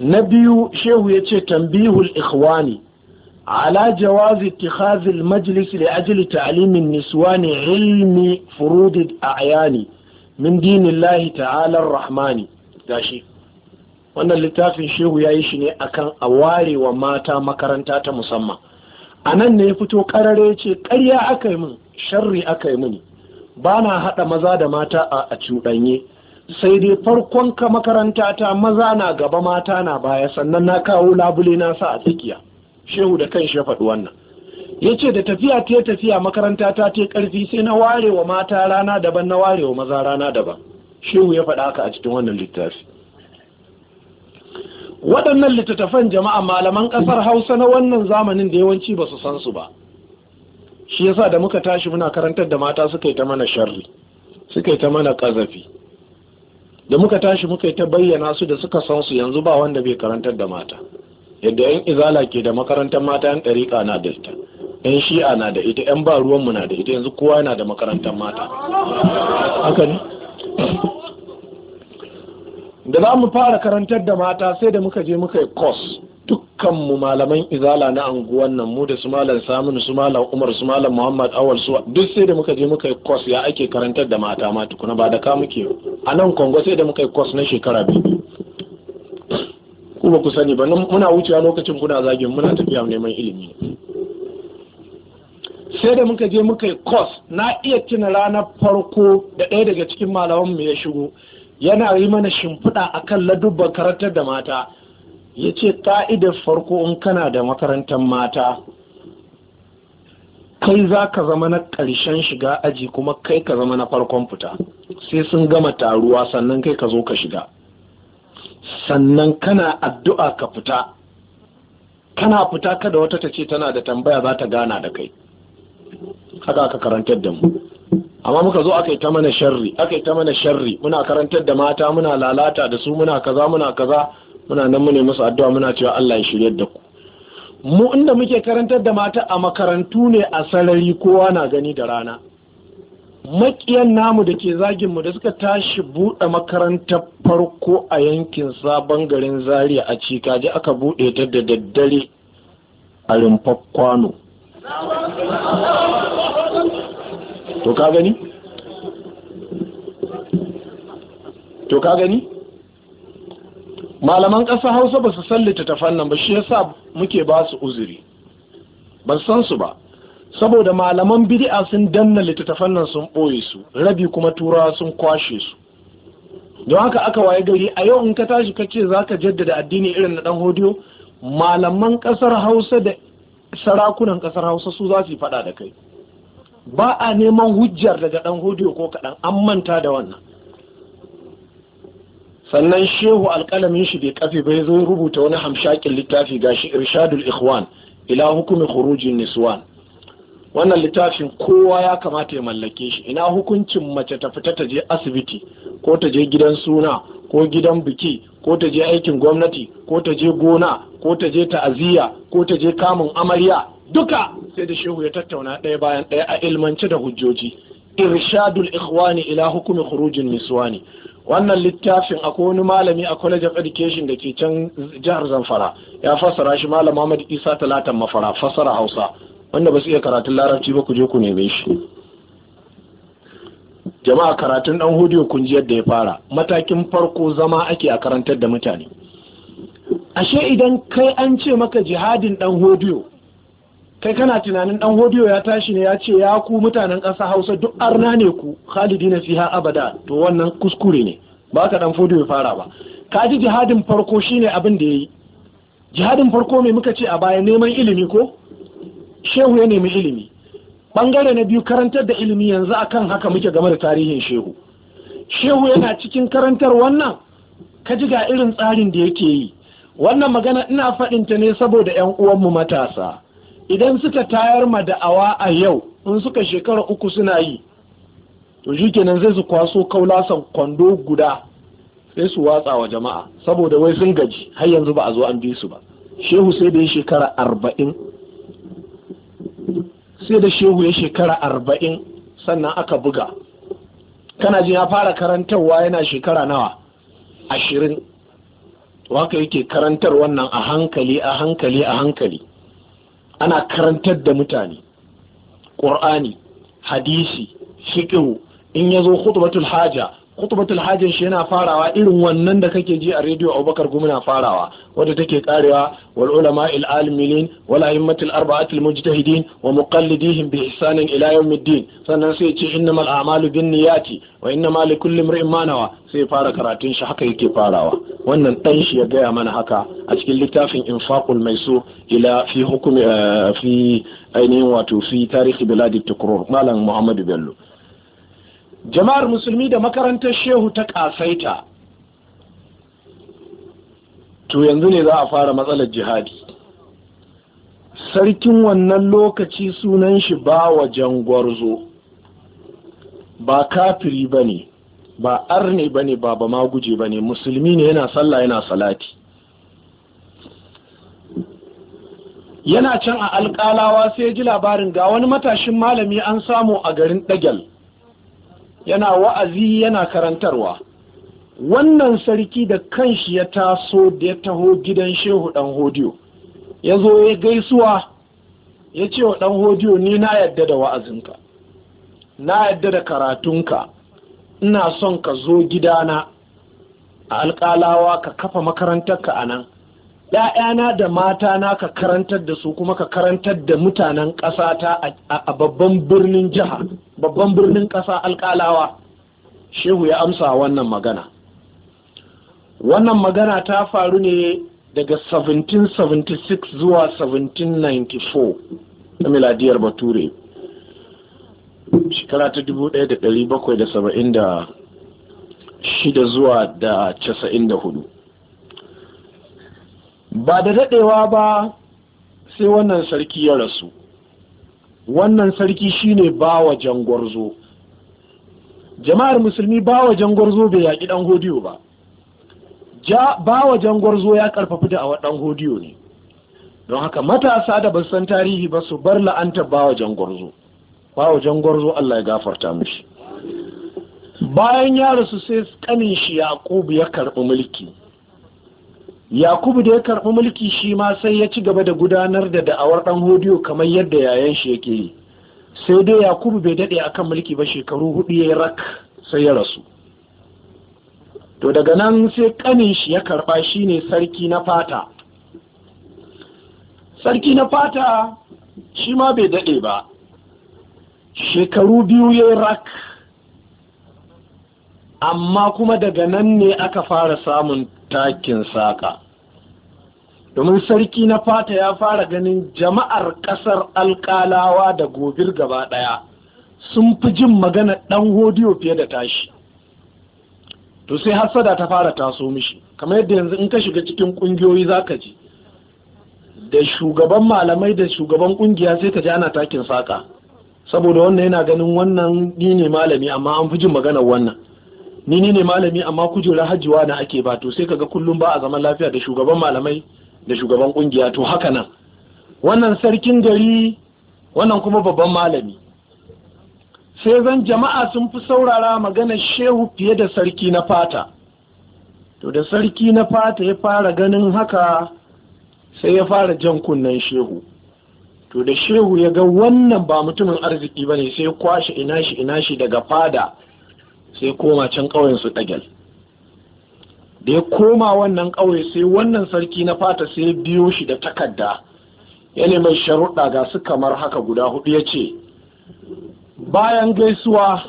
na biyu shehu ya ce tambihul ikhwani ala jawazi ittikhadh majlis li ajli ta'lim niswani ilmi furud al a'yani min dinillahi ta'ala ar-rahmani gashi wannan littafin shehu ya yi shi ne akan a warewa mata makaranta ta musamman a nan ne ya fito karare ce ƙarya aka yi min sharri aka yi mini ba na haɗa maza da mata a a cuɗanye sai dai farkon ka makaranta ta maza na gaba mata na baya sannan na kawo labule na sa a tsakiya shehu da kan ya faɗi wannan ya ce da tafiya ta tafiya makaranta ta ta ƙarfi sai na ware wa mata rana daban na ware wa maza rana daban shehu ya faɗa haka a cikin wannan littafi waɗannan littattafan jama'a malaman ƙasar hausa na wannan zamanin da yawanci ba su san su ba shi yasa da muka tashi muna karantar da mata suka yi ta mana sharri suka yi ta mana ƙazafi da muka tashi muka yi ta bayyana su da suka san su yanzu ba wanda bai karantar da mata yadda yan izala ke da makarantar mata yan ɗariƙa na da ita yan shi'a na da ita yan ba ruwanmu na da ita yanzu kowa yana da makarantar mata haka ne da za mu fara karantar da mata sai da muka je muka yi kos dukkanmu malaman izala na anguwan nan mu da su malam saminu su malam umar su malam muhammad awal su duk sai da muka je muka yi kos ya ake karantar da mata ma tukuna ba da ka muke a nan kongo sai da muka yi kos na shekara biyu ku ba ku sani ba muna wucewa lokacin kuna zagin muna tafiya neman ilimi sai da muka je muka yi kos na iya cina ranar farko da ɗaya daga cikin malaman mu ya shigo yana yi mana shimfiɗa a kan ladubban karantar da mata ya ce ƙa'idar farko in kana da makarantar mata kai za ka zama na ƙarshen shiga aji kuma kai ka zama na farkon fita sai sun gama taruwa sannan kai ka zo ka shiga sannan kana addu'a ka fita kana fita kada wata ta ce tana da tambaya za ta gana da kai haka ka karantar da mu amma muka zo aka yi ta mana sharri aka yi ta mana sharri muna karantar da mata muna lalata da su muna kaza muna kaza muna nan mune musu addu'a muna cewa Allah ya shirye da ku mu inda muke karantar da mata a makarantu ne a sarari kowa na gani da rana makiyan namu da ke zagin mu da suka tashi buɗe makarantar farko a yankin sabon garin zaria a ji aka buɗe ta da daddare a rumfar kwano to ka gani to ka gani malaman ƙasa hausa ba su sallita ta fannin ba shi yasa muke ba su uzuri ban san su ba saboda malaman bidi'a sun danna ta nan sun ɓoye su rabi kuma turawa sun kwashe su don haka aka waye gari a yau in ka tashi ka ce za ka jaddada addini irin na ɗan hodiyo malaman ƙasar hausa da sarakunan ƙasar hausa su za su yi faɗa da kai ba a neman hujjar daga ɗan hudu ko kaɗan an manta da wannan sannan shehu alƙalamin shi bai kafe bai zo rubuta wani hamshakin littafi ga shi irshadul ikhwan ila hukumi khurujin niswan wannan littafin kowa ya kamata ya mallake shi ina hukuncin mace ta fita ta je asibiti ko ta je gidan suna ko gidan biki ko ta je aikin gwamnati ko ta je gona ko ta je ta'aziyya ko ta je kamun amarya duka sai da shehu ya tattauna ɗaya bayan ɗaya a ilmanci da hujjoji irshadul ikhwani ila hukumi khurujin niswani wannan littafin akwai wani malami a college of education da ke can jihar zamfara ya fassara shi malam Muhammad Isa Talatan Mafara fassara Hausa wanda ba su iya karatun larabci ba ku je ku neme shi jama'a karatun dan hudiyo kun ji yadda ya fara matakin farko zama ake a karantar da mutane ashe idan kai an ce maka jihadin dan hudiyo kai kana tunanin dan hodiyo ya tashi ne ya ce ya ku mutanen ƙasa hausa duk arna ne ku khalidi na fiha abada to wannan kuskure ne ba ka dan hodiyo fara ba ka ji jihadin farko shine abin da yayi jihadin farko me muka ce a bayan neman ilimi ko shehu ya nemi ilimi bangare na biyu karantar da ilimi yanzu akan haka muke game da tarihin shehu shehu yana cikin karantar wannan ka ji ga irin tsarin da yake yi wannan magana ina faɗinta ne saboda 'yan uwanmu matasa idan suka tayar ma da'awa a yau in suka shekara uku suna yi to shi kenan zai su kwaso kaulasan kwando guda sai su watsa wa jama'a saboda wai sun gaji har yanzu ba a zo an bi su ba shehu sai da ya shekara arba'in sai da shehu ya shekara arba'in sannan aka buga kana ji ya fara karantarwa yana shekara nawa ashirin to haka yake karantar wannan a hankali a hankali a hankali ana karantar da mutane ƙur'ani hadisi fiqhu in yazo khutbatul haja kutubatul hajjin shi yana farawa irin wannan da kake ji a rediyo Abubakar gumi na farawa wadda take karewa wal ulama il alimilin wal himmatul arba'atul mujtahidin wa muqallidihim bi ihsanin ila yawmiddin sannan sai ce innamal a'malu binniyati wa li kulli imrin ma nawa sai fara karatun shi haka yake farawa wannan dan shi ya gaya mana haka a cikin littafin infaqul maisu ila fi hukumi eh, fi ainihin wato fi tarihi biladi tukrur malam muhammadu bello jama'ar musulmi da makarantar shehu ta kasaita to yanzu ne za a fara matsalar jihadi sarkin wannan lokaci sunan shi ba wa jangwarzo ba kafiri ba ne ba arne ba ne ba ba maguje ba ne musulmi ne yana sallah yana salati yana can a alƙalawa sai ji labarin ga wani matashin malami an samu a garin ɗagyal yana wa'azi yana karantarwa wannan sarki da kanshi ya taso da ya taho gidan shehu ɗan hodiyo ya zo ya gaisuwa ya ce wa ɗan hodiyo ni na yadda da wa'azinka na yadda da karatunka ina son ka zo gidana a alƙalawa ka kafa makarantarka a nan ‘ya'yana da matana ka karantar da su kuma ka karantar da mutanen ƙasata a babban birnin jiha babban birnin ƙasa alƙalawa shehu ya amsa wannan magana wannan magana ta faru ne daga 1776 zuwa 1794 ta miladiyar bature shekara ta 1776 zuwa da 94 ba da daɗewa ba sai wannan sarki ya rasu wannan sarki shine wa jangwarzo jama'ar musulmi ba wa jangwarzo bai yaƙi ɗan hodiyo ba ja wa jangwarzo ya ƙarfafi da awa ɗan hodiyo ne don haka matasa da basu san tarihi ba su bar la'anta ba wa jangwarzo wa jangwarzo Allah ya gafarta mushi bayan ya rasu sai kanin shi Yaqub ya karɓi mulki yakubu da ya karɓi mulki shi ma sai ya ci gaba da gudanar da da'awar ɗan hodiyo kamar yadda yayan shi yake yi sai dai yakubu bai daɗe akan mulki ba shekaru hudu ya rak sai ya rasu to daga nan sai ƙanin shi ya karɓa ne sarki na fata sarki na fata shi ma bai daɗe ba shekaru biyu ya rak amma kuma daga nan ne aka fara samun takin saƙa domin sarki na fata ya fara ganin jama'ar ƙasar alkalawa da gobir gaba ɗaya sun fi jin magana ɗan hodiyo fiye da tashi to sai hassada ta fara taso mishi kamar yadda yanzu in ka shiga cikin ƙungiyoyi za ka ji da shugaban malamai da shugaban ƙungiya sai ka ji ana takin saƙa saboda wannan yana ganin wannan ni ne malami amma an fi jin maganar wannan ni ni ne malami amma kujera hajjiwa na ake ba to sai kaga kullum ba a zaman lafiya da shugaban malamai da shugaban kungiya to haka nan wannan sarkin gari wannan kuma babban malami sai zan jama'a sun fi saurara maganar shehu fiye da sarki na fata to da sarki na fata ya fara ganin haka sai ya fara jan kunnen shehu to da shehu ya ga wannan ba mutumin arziki ba ne sai ya kwashe ina shi ina shi daga fada sai koma can ƙauyen su ɗagal da ya koma wannan ƙauye sai wannan sarki na fata sai biyo shi da takarda ya mai sharuɗa ga su kamar haka guda hudu ya ce bayan gaisuwa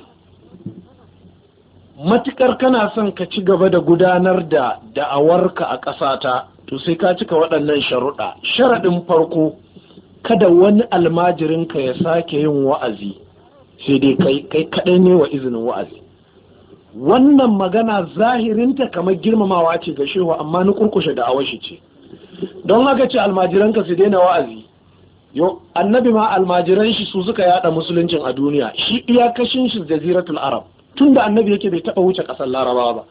matukar kana son ka ci gaba da gudanar da da'awarka a ƙasata to sai ka cika waɗannan sharuɗa sharaɗin farko kada wani almajirinka ya sake yin wa'azi sai dai kai kaɗai ne wa izinin wa'azi wannan magana zahirinta kamar girmamawa ce ga shehu amma ni kurkushe da awashi ce don haka ce almajiranka su daina wa'azi yau annabi ma almajiran shi su suka yada musuluncin a duniya shi iyakashin shi jaziratul arab tunda annabi yake bai taba wuce kasar larabawa ba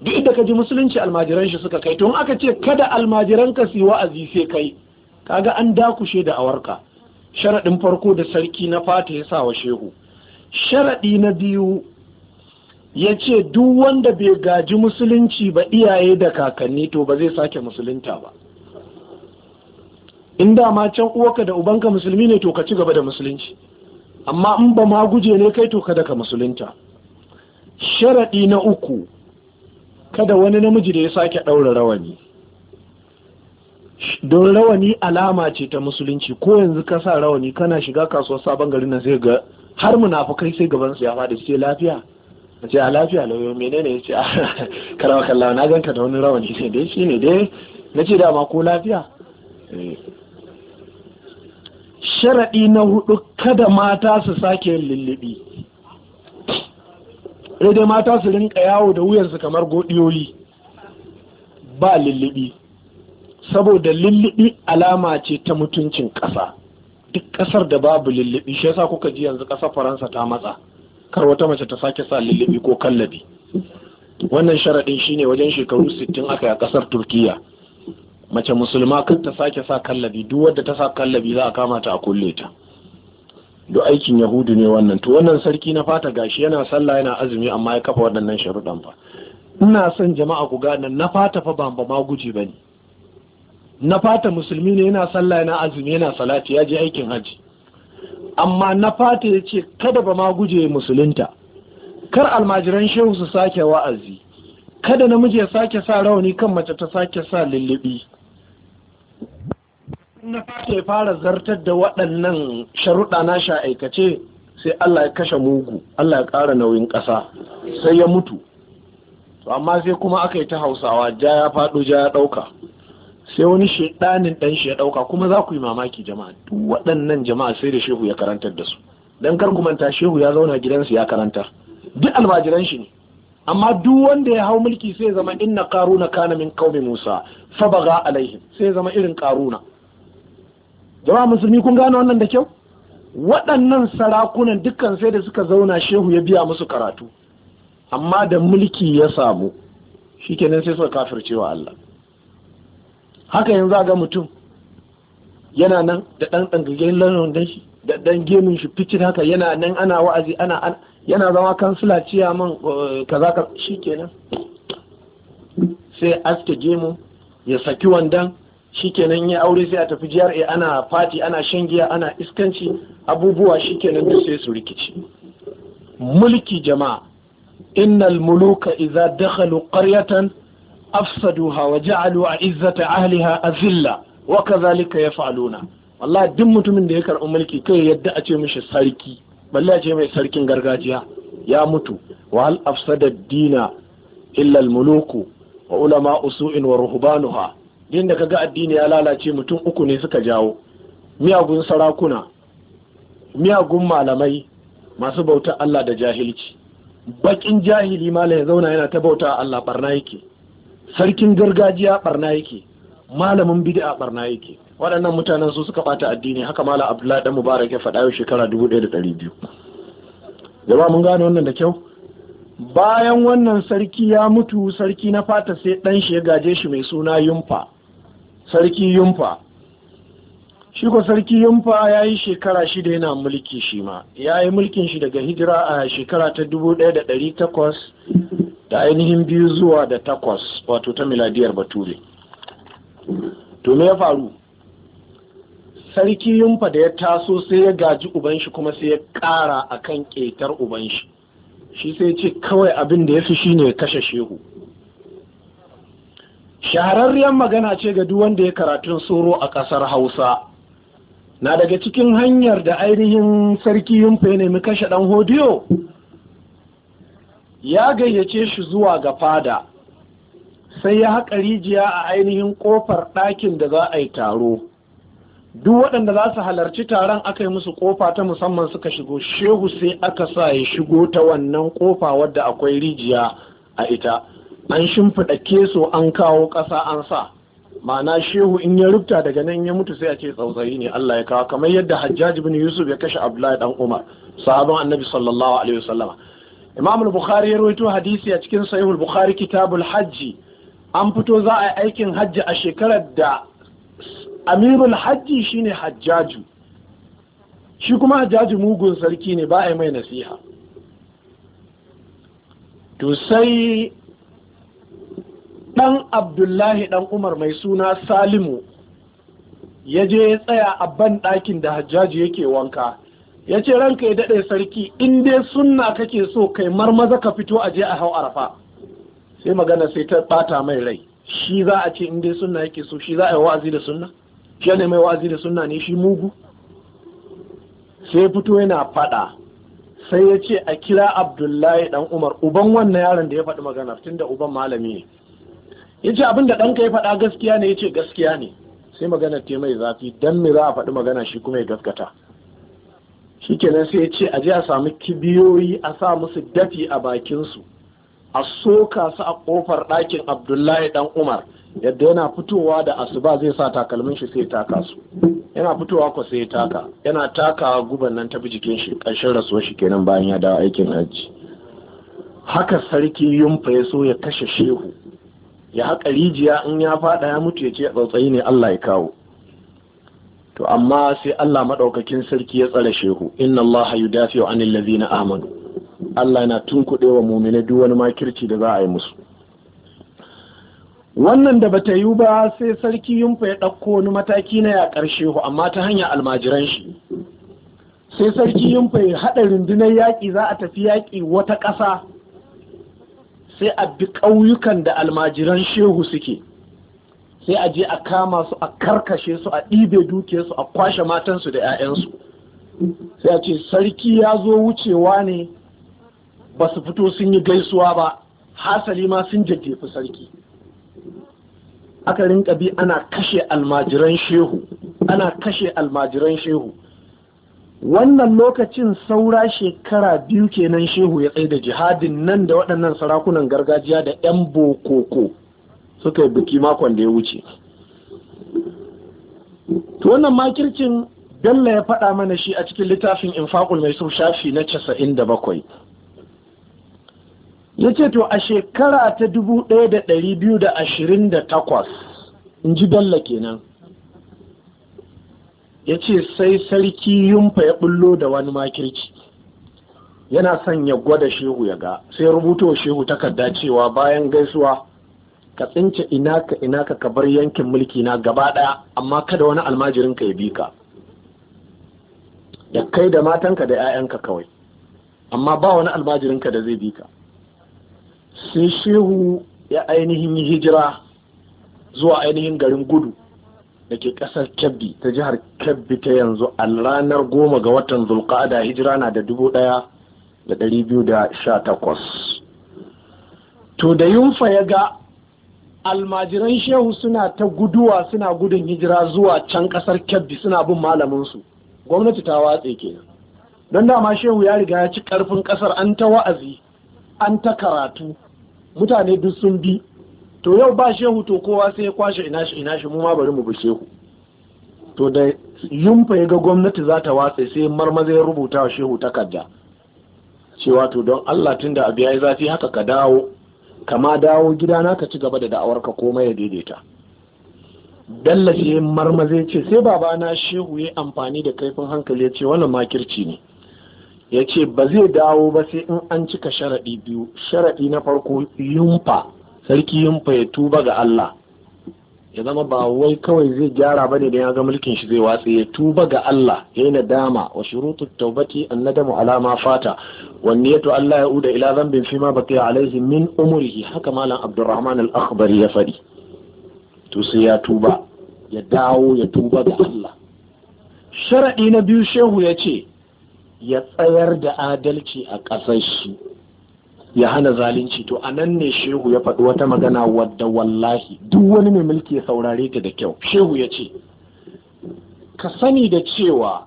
duk da kaji musulunci almajiran shi suka kai tun aka ce kada almajiranka su yi wa'azi sai kai kaga an dakushe da awarka sharaɗin farko da sarki na fata ya sa wa shehu sharaɗi na biyu ya ce duk wanda bai gaji musulunci ba iyaye da kakanni to ba zai sake musulunta ba in ma can uwaka da ubanka musulmi ne to ka ci gaba da musulunci amma in ba ma guje ne kai to kada ka musulunta sharaɗi na uku kada wani namiji da ya sake ɗaura rawani don rawani alama ce ta musulunci ko yanzu ka sa rawani kana shiga kasuwar sabon garin na sai ga har munafukai sai gaban su ya faɗi sai lafiya ce a lafiya lauyo menene ya ce a ah, karawa kallawa na ganka da wani rawani ne dai shi ne dai na ce dama ko lafiya eh. sharaɗi na hudu kada mata su sake yin lullubi dai mata su rinka yawo da wuyansu kamar godiyoyi ba lullubi saboda lullubi alama ce ta mutuncin ƙasa duk ƙasar da babu lullubi shi yasa kuka ji yanzu ƙasar faransa ta matsa kar wata mace ta sake sa lullubi ko kallabi wannan sharaɗin shi ne wajen shekaru sittin aka yi a ƙasar turkiya mace musulma kan ta sake sa kallabi duk wadda ta sa kallabi za a kama ta a kulle ta duk aikin yahudu ne wannan to wannan sarki na fata gashi yana sallah yana azumi amma ya kafa waɗannan sharuɗan fa ina son jama'a ku gane na fata fa ba maguji guji bane na fata musulmi ne yana sallah yana azumi yana salati ya je aikin haji amma na fata ya ce kada ba ma guje musulunta kar almajiran shehu su sake wa'azi kada namiji ya sake sa rauni kan mace ta sake sa lullubi na fata ya fara zartar da waɗannan sharuɗa na sha aikace sai Allah ya kashe mugu Allah ya ƙara nauyin ƙasa sai ya mutu amma sai kuma aka yi ta hausawa ja ya faɗo ja ya ɗauka sai wani shedanin dan shi ya dauka kuma za ku yi mamaki jama'a duk waɗannan jama'a sai da shehu ya karantar da su dan kar ku manta shehu ya zauna gidansu ya karantar duk almajiran shi ne amma duk wanda ya hau mulki sai zama inna qaruna kana min qaumi musa fa baga alaihim sai zama irin qaruna jama'a musulmi kun gane wannan da kyau waɗannan sarakunan dukkan sai da suka zauna shehu ya biya musu karatu amma da mulki ya samu shikenan sai suka kafircewa Allah haka yanzu ga mutum yana nan da ɗan ɗangaggen da shi da ɗan gemin shi fitin haka yana nan ana wa'azi ana yana zama kansila ciya man eh, kaza ka shi kenan sai aske gemu ya saki wandan shi kenan ya aure sai a tafi GRA ana fati ana shan giya ana iskanci abubuwa shi kenan sai su rikici mulki jama'a innal muluka idza dakhalu qaryatan afsaduha wa ja'alu izzata ahliha azilla wa kadhalika yaf'aluna wallahi duk mutumin da ya karɓi mulki kai yadda a ce mishi sarki balle a ce mai sarkin gargajiya ya mutu wa hal afsada dina illa al-muluku wa ulama usu'in wa ruhbanuha din da kaga addini ya lalace mutum uku ne suka jawo miyagun sarakuna miyagun malamai masu bauta Allah da jahilci bakin jahili malam ya zauna yana ta bauta Allah barna yake sarkin gargajiya barna yake malamin bid'a barna yake waɗannan mutanen su suka bata addini haka mala abdullahi dan mubarak ya faɗa yau shekara 1200 jama'a mun gane wannan da kyau bayan wannan sarki ya mutu sarki na fata sai ɗan shi ya gaje shi mai suna yumfa sarki yumfa shi ko sarki yumfa ya yi shekara shida yana mulki shi ma ya yi mulkin shi daga hijira a shekara ta dubu ɗaya da ɗari takwas da ainihin biyu zuwa da takwas wato ta miladiyar bature to ya faru sarki yunfa da ya taso sai ya gaji uban shi kuma sai ya ƙara kan ƙetar uban shi shi sai ce kawai abin da ya fi shine ne kashe shehu shahararriyar magana ce ga duk wanda ya karatun tsoro a ƙasar hausa na daga cikin hanyar da ainihin sarki yunfa ya nemi kashe ɗan hodiyo ya gayyace shi zuwa ga fada sai ya haƙa rijiya a ainihin ƙofar ɗakin da za a yi taro duk waɗanda za su halarci taron aka yi musu ƙofa ta musamman suka shigo shehu sai aka sa ya shigo ta wannan ƙofa wadda akwai rijiya a ita an shimfiɗa keso an kawo ƙasa an sa ma'ana shehu in ya rubuta daga nan ya mutu sai a ce tsautsayi ne Allah ya kawo kamar yadda Hajjaji bin Yusuf ya kashe Abdullahi dan Umar sahaban Annabi sallallahu alaihi wasallama imam al-bukhari ya rawaito hadisi a cikin sahih bukhari kitabul hajji an fito za a aikin hajji a shekarar da amirul hajji shine hajjaju shi kuma hajjaju mugun sarki ne ba a mai nasiha to sai ɗan abdullahi ɗan umar mai suna salimu ya je ya tsaya a ban ɗakin da hajjaji yake wanka ya ce ranka ya daɗe sarki in dai sunna kake so kai marmaza ka fito a je a hau arafa sai magana sai ta ɓata mai rai shi za a ce in dai sunna yake so shi za a yi wa'azi da sunna shi ne mai wa'azi da sunna ne shi mugu sai fito yana faɗa sai ya ce a kira abdullahi dan umar uban wannan yaron da ya faɗi magana tun da uban malami ne ya ce abin da ɗanka ya faɗa gaskiya ne ya ce gaskiya ne sai magana ta mai zafi don me za a faɗi magana shi kuma ya gaskata shikenan sai ya ce a je a samu kibiyoyi a sa musu dafi a bakinsu a soka su a kofar ɗakin abdullahi dan umar yadda yana fitowa da asuba zai sa takalmin shi sai taka su yana fitowa ko sai taka yana taka guban nan tafi jikin shi ƙarshen rasuwar shi kenan bayan ya dawo aikin hajji haka sarki yumfa ya so ya kashe shehu ya haƙa rijiya in ya faɗa ya mutu ya ce tsautsayi ne Allah ya kawo to amma sai Allah maɗaukakin sarki ya tsare shehu inna Allah yudafi'u anil ladzina amanu Allah yana tunkuɗe wa mu'mina duk wani makirci da za a yi musu wannan da bata yi ba sai sarki yunfa ya ɗauko wani mataki na ya ƙarshe amma ta hanyar almajiran shi sai sarki yunfa ya haɗa rundunar yaƙi za a tafi yaƙi wata ƙasa sai a bi ƙauyukan da almajiran shehu suke sai a je a kama su a karkashe su a ɗibe dukiyarsu a kwashe matansu da 'ya'yansu sai a ce sarki ya zo wucewa ne ba su fito sun yi gaisuwa ba hasali ma sun jajjefi sarki aka rinka bi ana kashe almajiran shehu ana kashe almajiran shehu wannan lokacin saura shekara biyu kenan shehu ya tsaye da jihadin nan da waɗannan sarakunan gargajiya da 'yan bokoko suka yi biki makon da ya wuce to wannan makircin Bello ya faɗa mana shi a cikin littafin infaƙul mai sun shafi na casa'in da bakwai ya ce to a shekara ta dubu ɗaya da ɗari biyu da ashirin da takwas in ji Bello kenan ya ce sai sarki yumfa ya bullo da wani makirci yana son ya gwada shehu ya ga sai rubuto shehu takarda cewa bayan gaisuwa ka tsince ina ka ina ka ka bar yankin mulki na gaba ɗaya amma kada wani almajirin ka ya bi ka Ya kai da matanka da 'ya'yanka kawai amma ba wani almajirin ka da zai bi ka sai shehu ya ainihin yi hijira zuwa ainihin garin gudu da ke ƙasar kebbi ta jihar kebbi ta yanzu a ranar goma ga watan zulqa'ada hijira na da dubu ɗaya da ɗari biyu da sha takwas to da yunfa ya ga almajiran shehu suna ta guduwa suna gudun hijira zuwa can kasar kebbi suna bin malaminsu gwamnati ta watse kenan don dama shehu ya riga ya ci karfin kasar an ta wa'azi an ta karatu mutane duk sun bi to yau ba shehu to kowa sai ya kwashe ina shi ina shi mu ma bari mu bi shehu to da yumfa ya ga gwamnati za ta watse sai marmaza ya rubuta wa shehu takarda cewa to don Allah tunda abiya yayi zafi haka ka dawo kama dawo gidana ka ci gaba da da'awar ka komai ya daidaita dallafi marmaze ce sai babana shehu ya amfani da kaifin hankali ya ce wannan makirci ne ya ce ba zai dawo ba sai in an cika sharaɗi biyu sharaɗi na farko yumfa sarki yumfa ya tuba ga Allah ya zama ba wai kawai zai gyara bane da ya ga mulkin shi zai watse ya tuba ga Allah ya nadama wa shurutu taubati an nadamu ala ma fata wanne yato Allah ya uda ila zambin fi ma baqiya alaihi min umrihi haka malam Abdurrahman al-Akhbari ya fadi to sai ya tuba ya dawo ya tuba ga Allah sharadi na biyu shehu ya ce ya tsayar da adalci a ƙasar shi ya hana zalunci to a nan ne shehu ya faɗi wata magana wadda wallahi duk wani mai mulki ya saurare ta da kyau shehu ya ce ka sani da cewa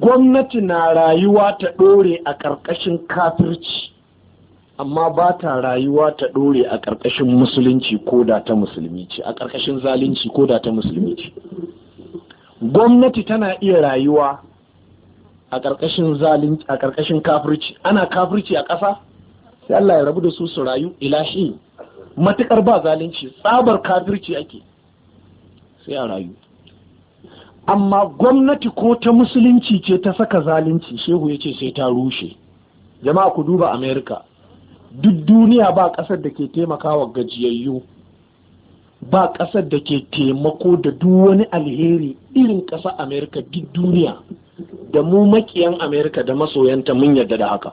gwamnati na rayuwa ta ɗore a ƙarƙashin kafirci amma ba ta rayuwa ta ɗore a ƙarƙashin musulunci ko da ta musulmi ce a ƙarƙashin zalunci ko da ta musulmi ce gwamnati tana iya rayuwa a ƙarƙashin kafirci ana kafirci a ƙasa sai Allah ya rabu da su su rayu ilahi matukar ba zalunci tsabar kafirci ake sai a rayu amma gwamnati ko ta musulunci ce ta saka zalunci shehu ya ce sai ta rushe jama'a ku duba Amerika duk duniya ba ƙasar da ke taimakawa gajiyayyu ba ƙasar da ke taimako da duk wani alheri irin ƙasa Amerika duk duniya da mu maƙiyan Amerika da masoyanta mun yarda da haka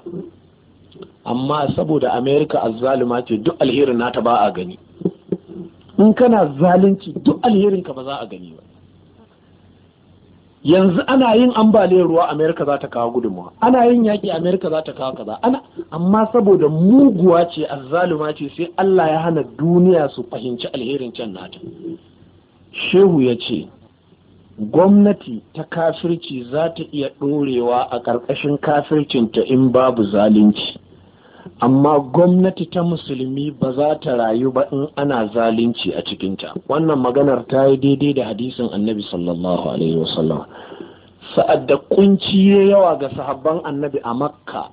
amma saboda america azzalima ce duk alherin nata ba a gani in kana zalunci duk alherin ka ba za a gani ba yanzu ana yin ambaliyar ruwa america za ta kawo gudunmawa ana yin yaƙi america za ta kawo kaza ana amma saboda muguwa ce azzaluma ce sai allah ya hana duniya su fahimci alherin can nata shehu ya ce gwamnati ta kafirci za ta iya ɗorewa a ƙarƙashin kafircinta in babu zalunci amma gwamnati ta musulmi ba za ta rayu ba in ana zalunci a cikinta wannan maganar ta yi daidai da hadisin annabi sallallahu alaihi wasallam sa'ad da kunci ya yawa ga sahabban annabi a makka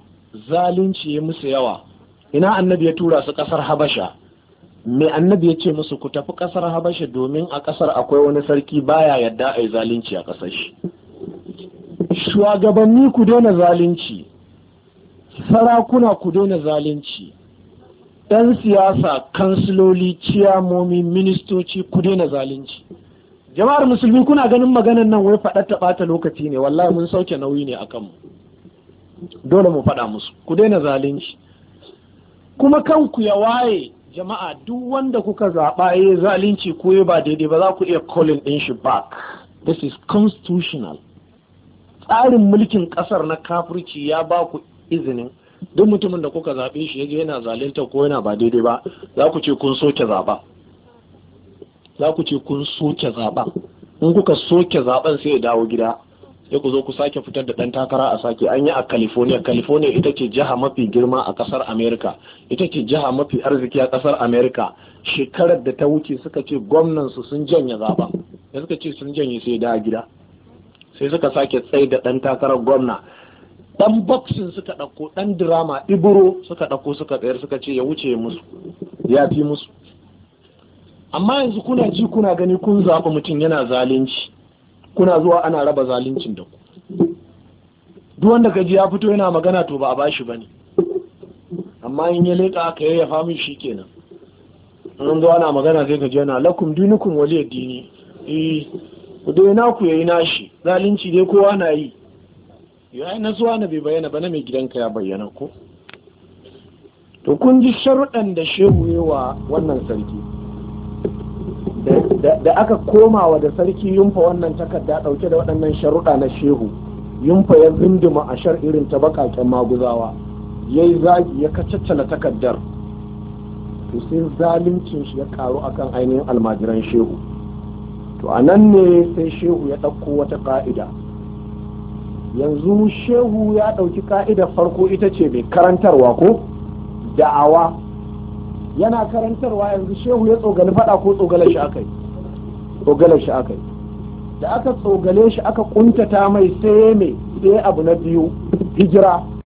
zalunci ya musu yawa ina annabi ya tura su kasar habasha mai annabi ya ce musu ku tafi kasar habasha domin a kasar akwai wani sarki baya yadda a yi zalunci a kasar shi shugabanni ku daina zalunci sarakuna ku daina zalunci ɗan siyasa kansiloli ciyamomi ministoci ku daina zalunci jama'ar musulmi kuna ganin maganan nan wai faɗa ta ɓata lokaci ne wallahi mun sauke nauyi ne akan mu dole mu faɗa musu ku daina zalunci kuma kanku ya waye jama'a duk wanda kuka zaɓa eh, ya zalunci ko ba daidai ba za ku iya kolin ɗin shi back this is constitutional tsarin mulkin ƙasar na kafirci ya ba ku izinin duk mutumin da kuka zaɓe shi yaje yana zalunta ko yana ba daidai ba za ku ce kun soke zaɓa za ku ce kun soke zaɓa in kuka soke zaɓen sai ya dawo gida sai ku zo ku sake fitar da ɗan takara a sake an yi a california california ita ce jiha mafi girma a ƙasar america ita ce jiha mafi arziki a ƙasar america shekarar da ta wuce suka ce gwamnansu sun janye zaɓa da suka ce sun janye sai ya dawo gida sai suka sake tsaye da ɗan takarar gwamna Ɗan boxin suka ɗauko ɗan drama iburo suka ɗauko suka tsayar suka ce ya wuce musu ya fi musu amma yanzu kuna ji kuna gani kun zaɓi mutum yana zalunci kuna zuwa ana raba zaluncin da ku duk wanda ka ji ya fito yana magana to ba a bashi ba ne. amma in ya leƙa aka yayyafa min shi kenan nan zuwa ana magana zai gaji yana lakum dinukum waliyad dini eh ku dai naku yayi nashi zalunci dai kowa na yi ya na zuwa na bai bayyana ba na mai gidanka ya bayyana ko to kun ji sharuɗan da shehu wa wannan sarki da aka komawa da sarki yumfa wannan takarda ɗauke da waɗannan sharuɗa na shehu yumfa ya zinduma a shar irin ta baƙaƙen maguzawa ya yi zagi ya kacaccala takardar to sai zalincin shi ya karu akan ainihin almajiran shehu to a nan ne sai shehu ya ɗauko wata ƙa'ida yanzu shehu ya ɗauki ƙa'idar farko ita ce mai karantarwa ko da'awa yana karantarwa yanzu shehu ya tsogale faɗa ko tsogale shi aka yi tsogale shi aka yi da aka tsogale shi aka ƙuntata mai sai mai sai abu na biyu hijira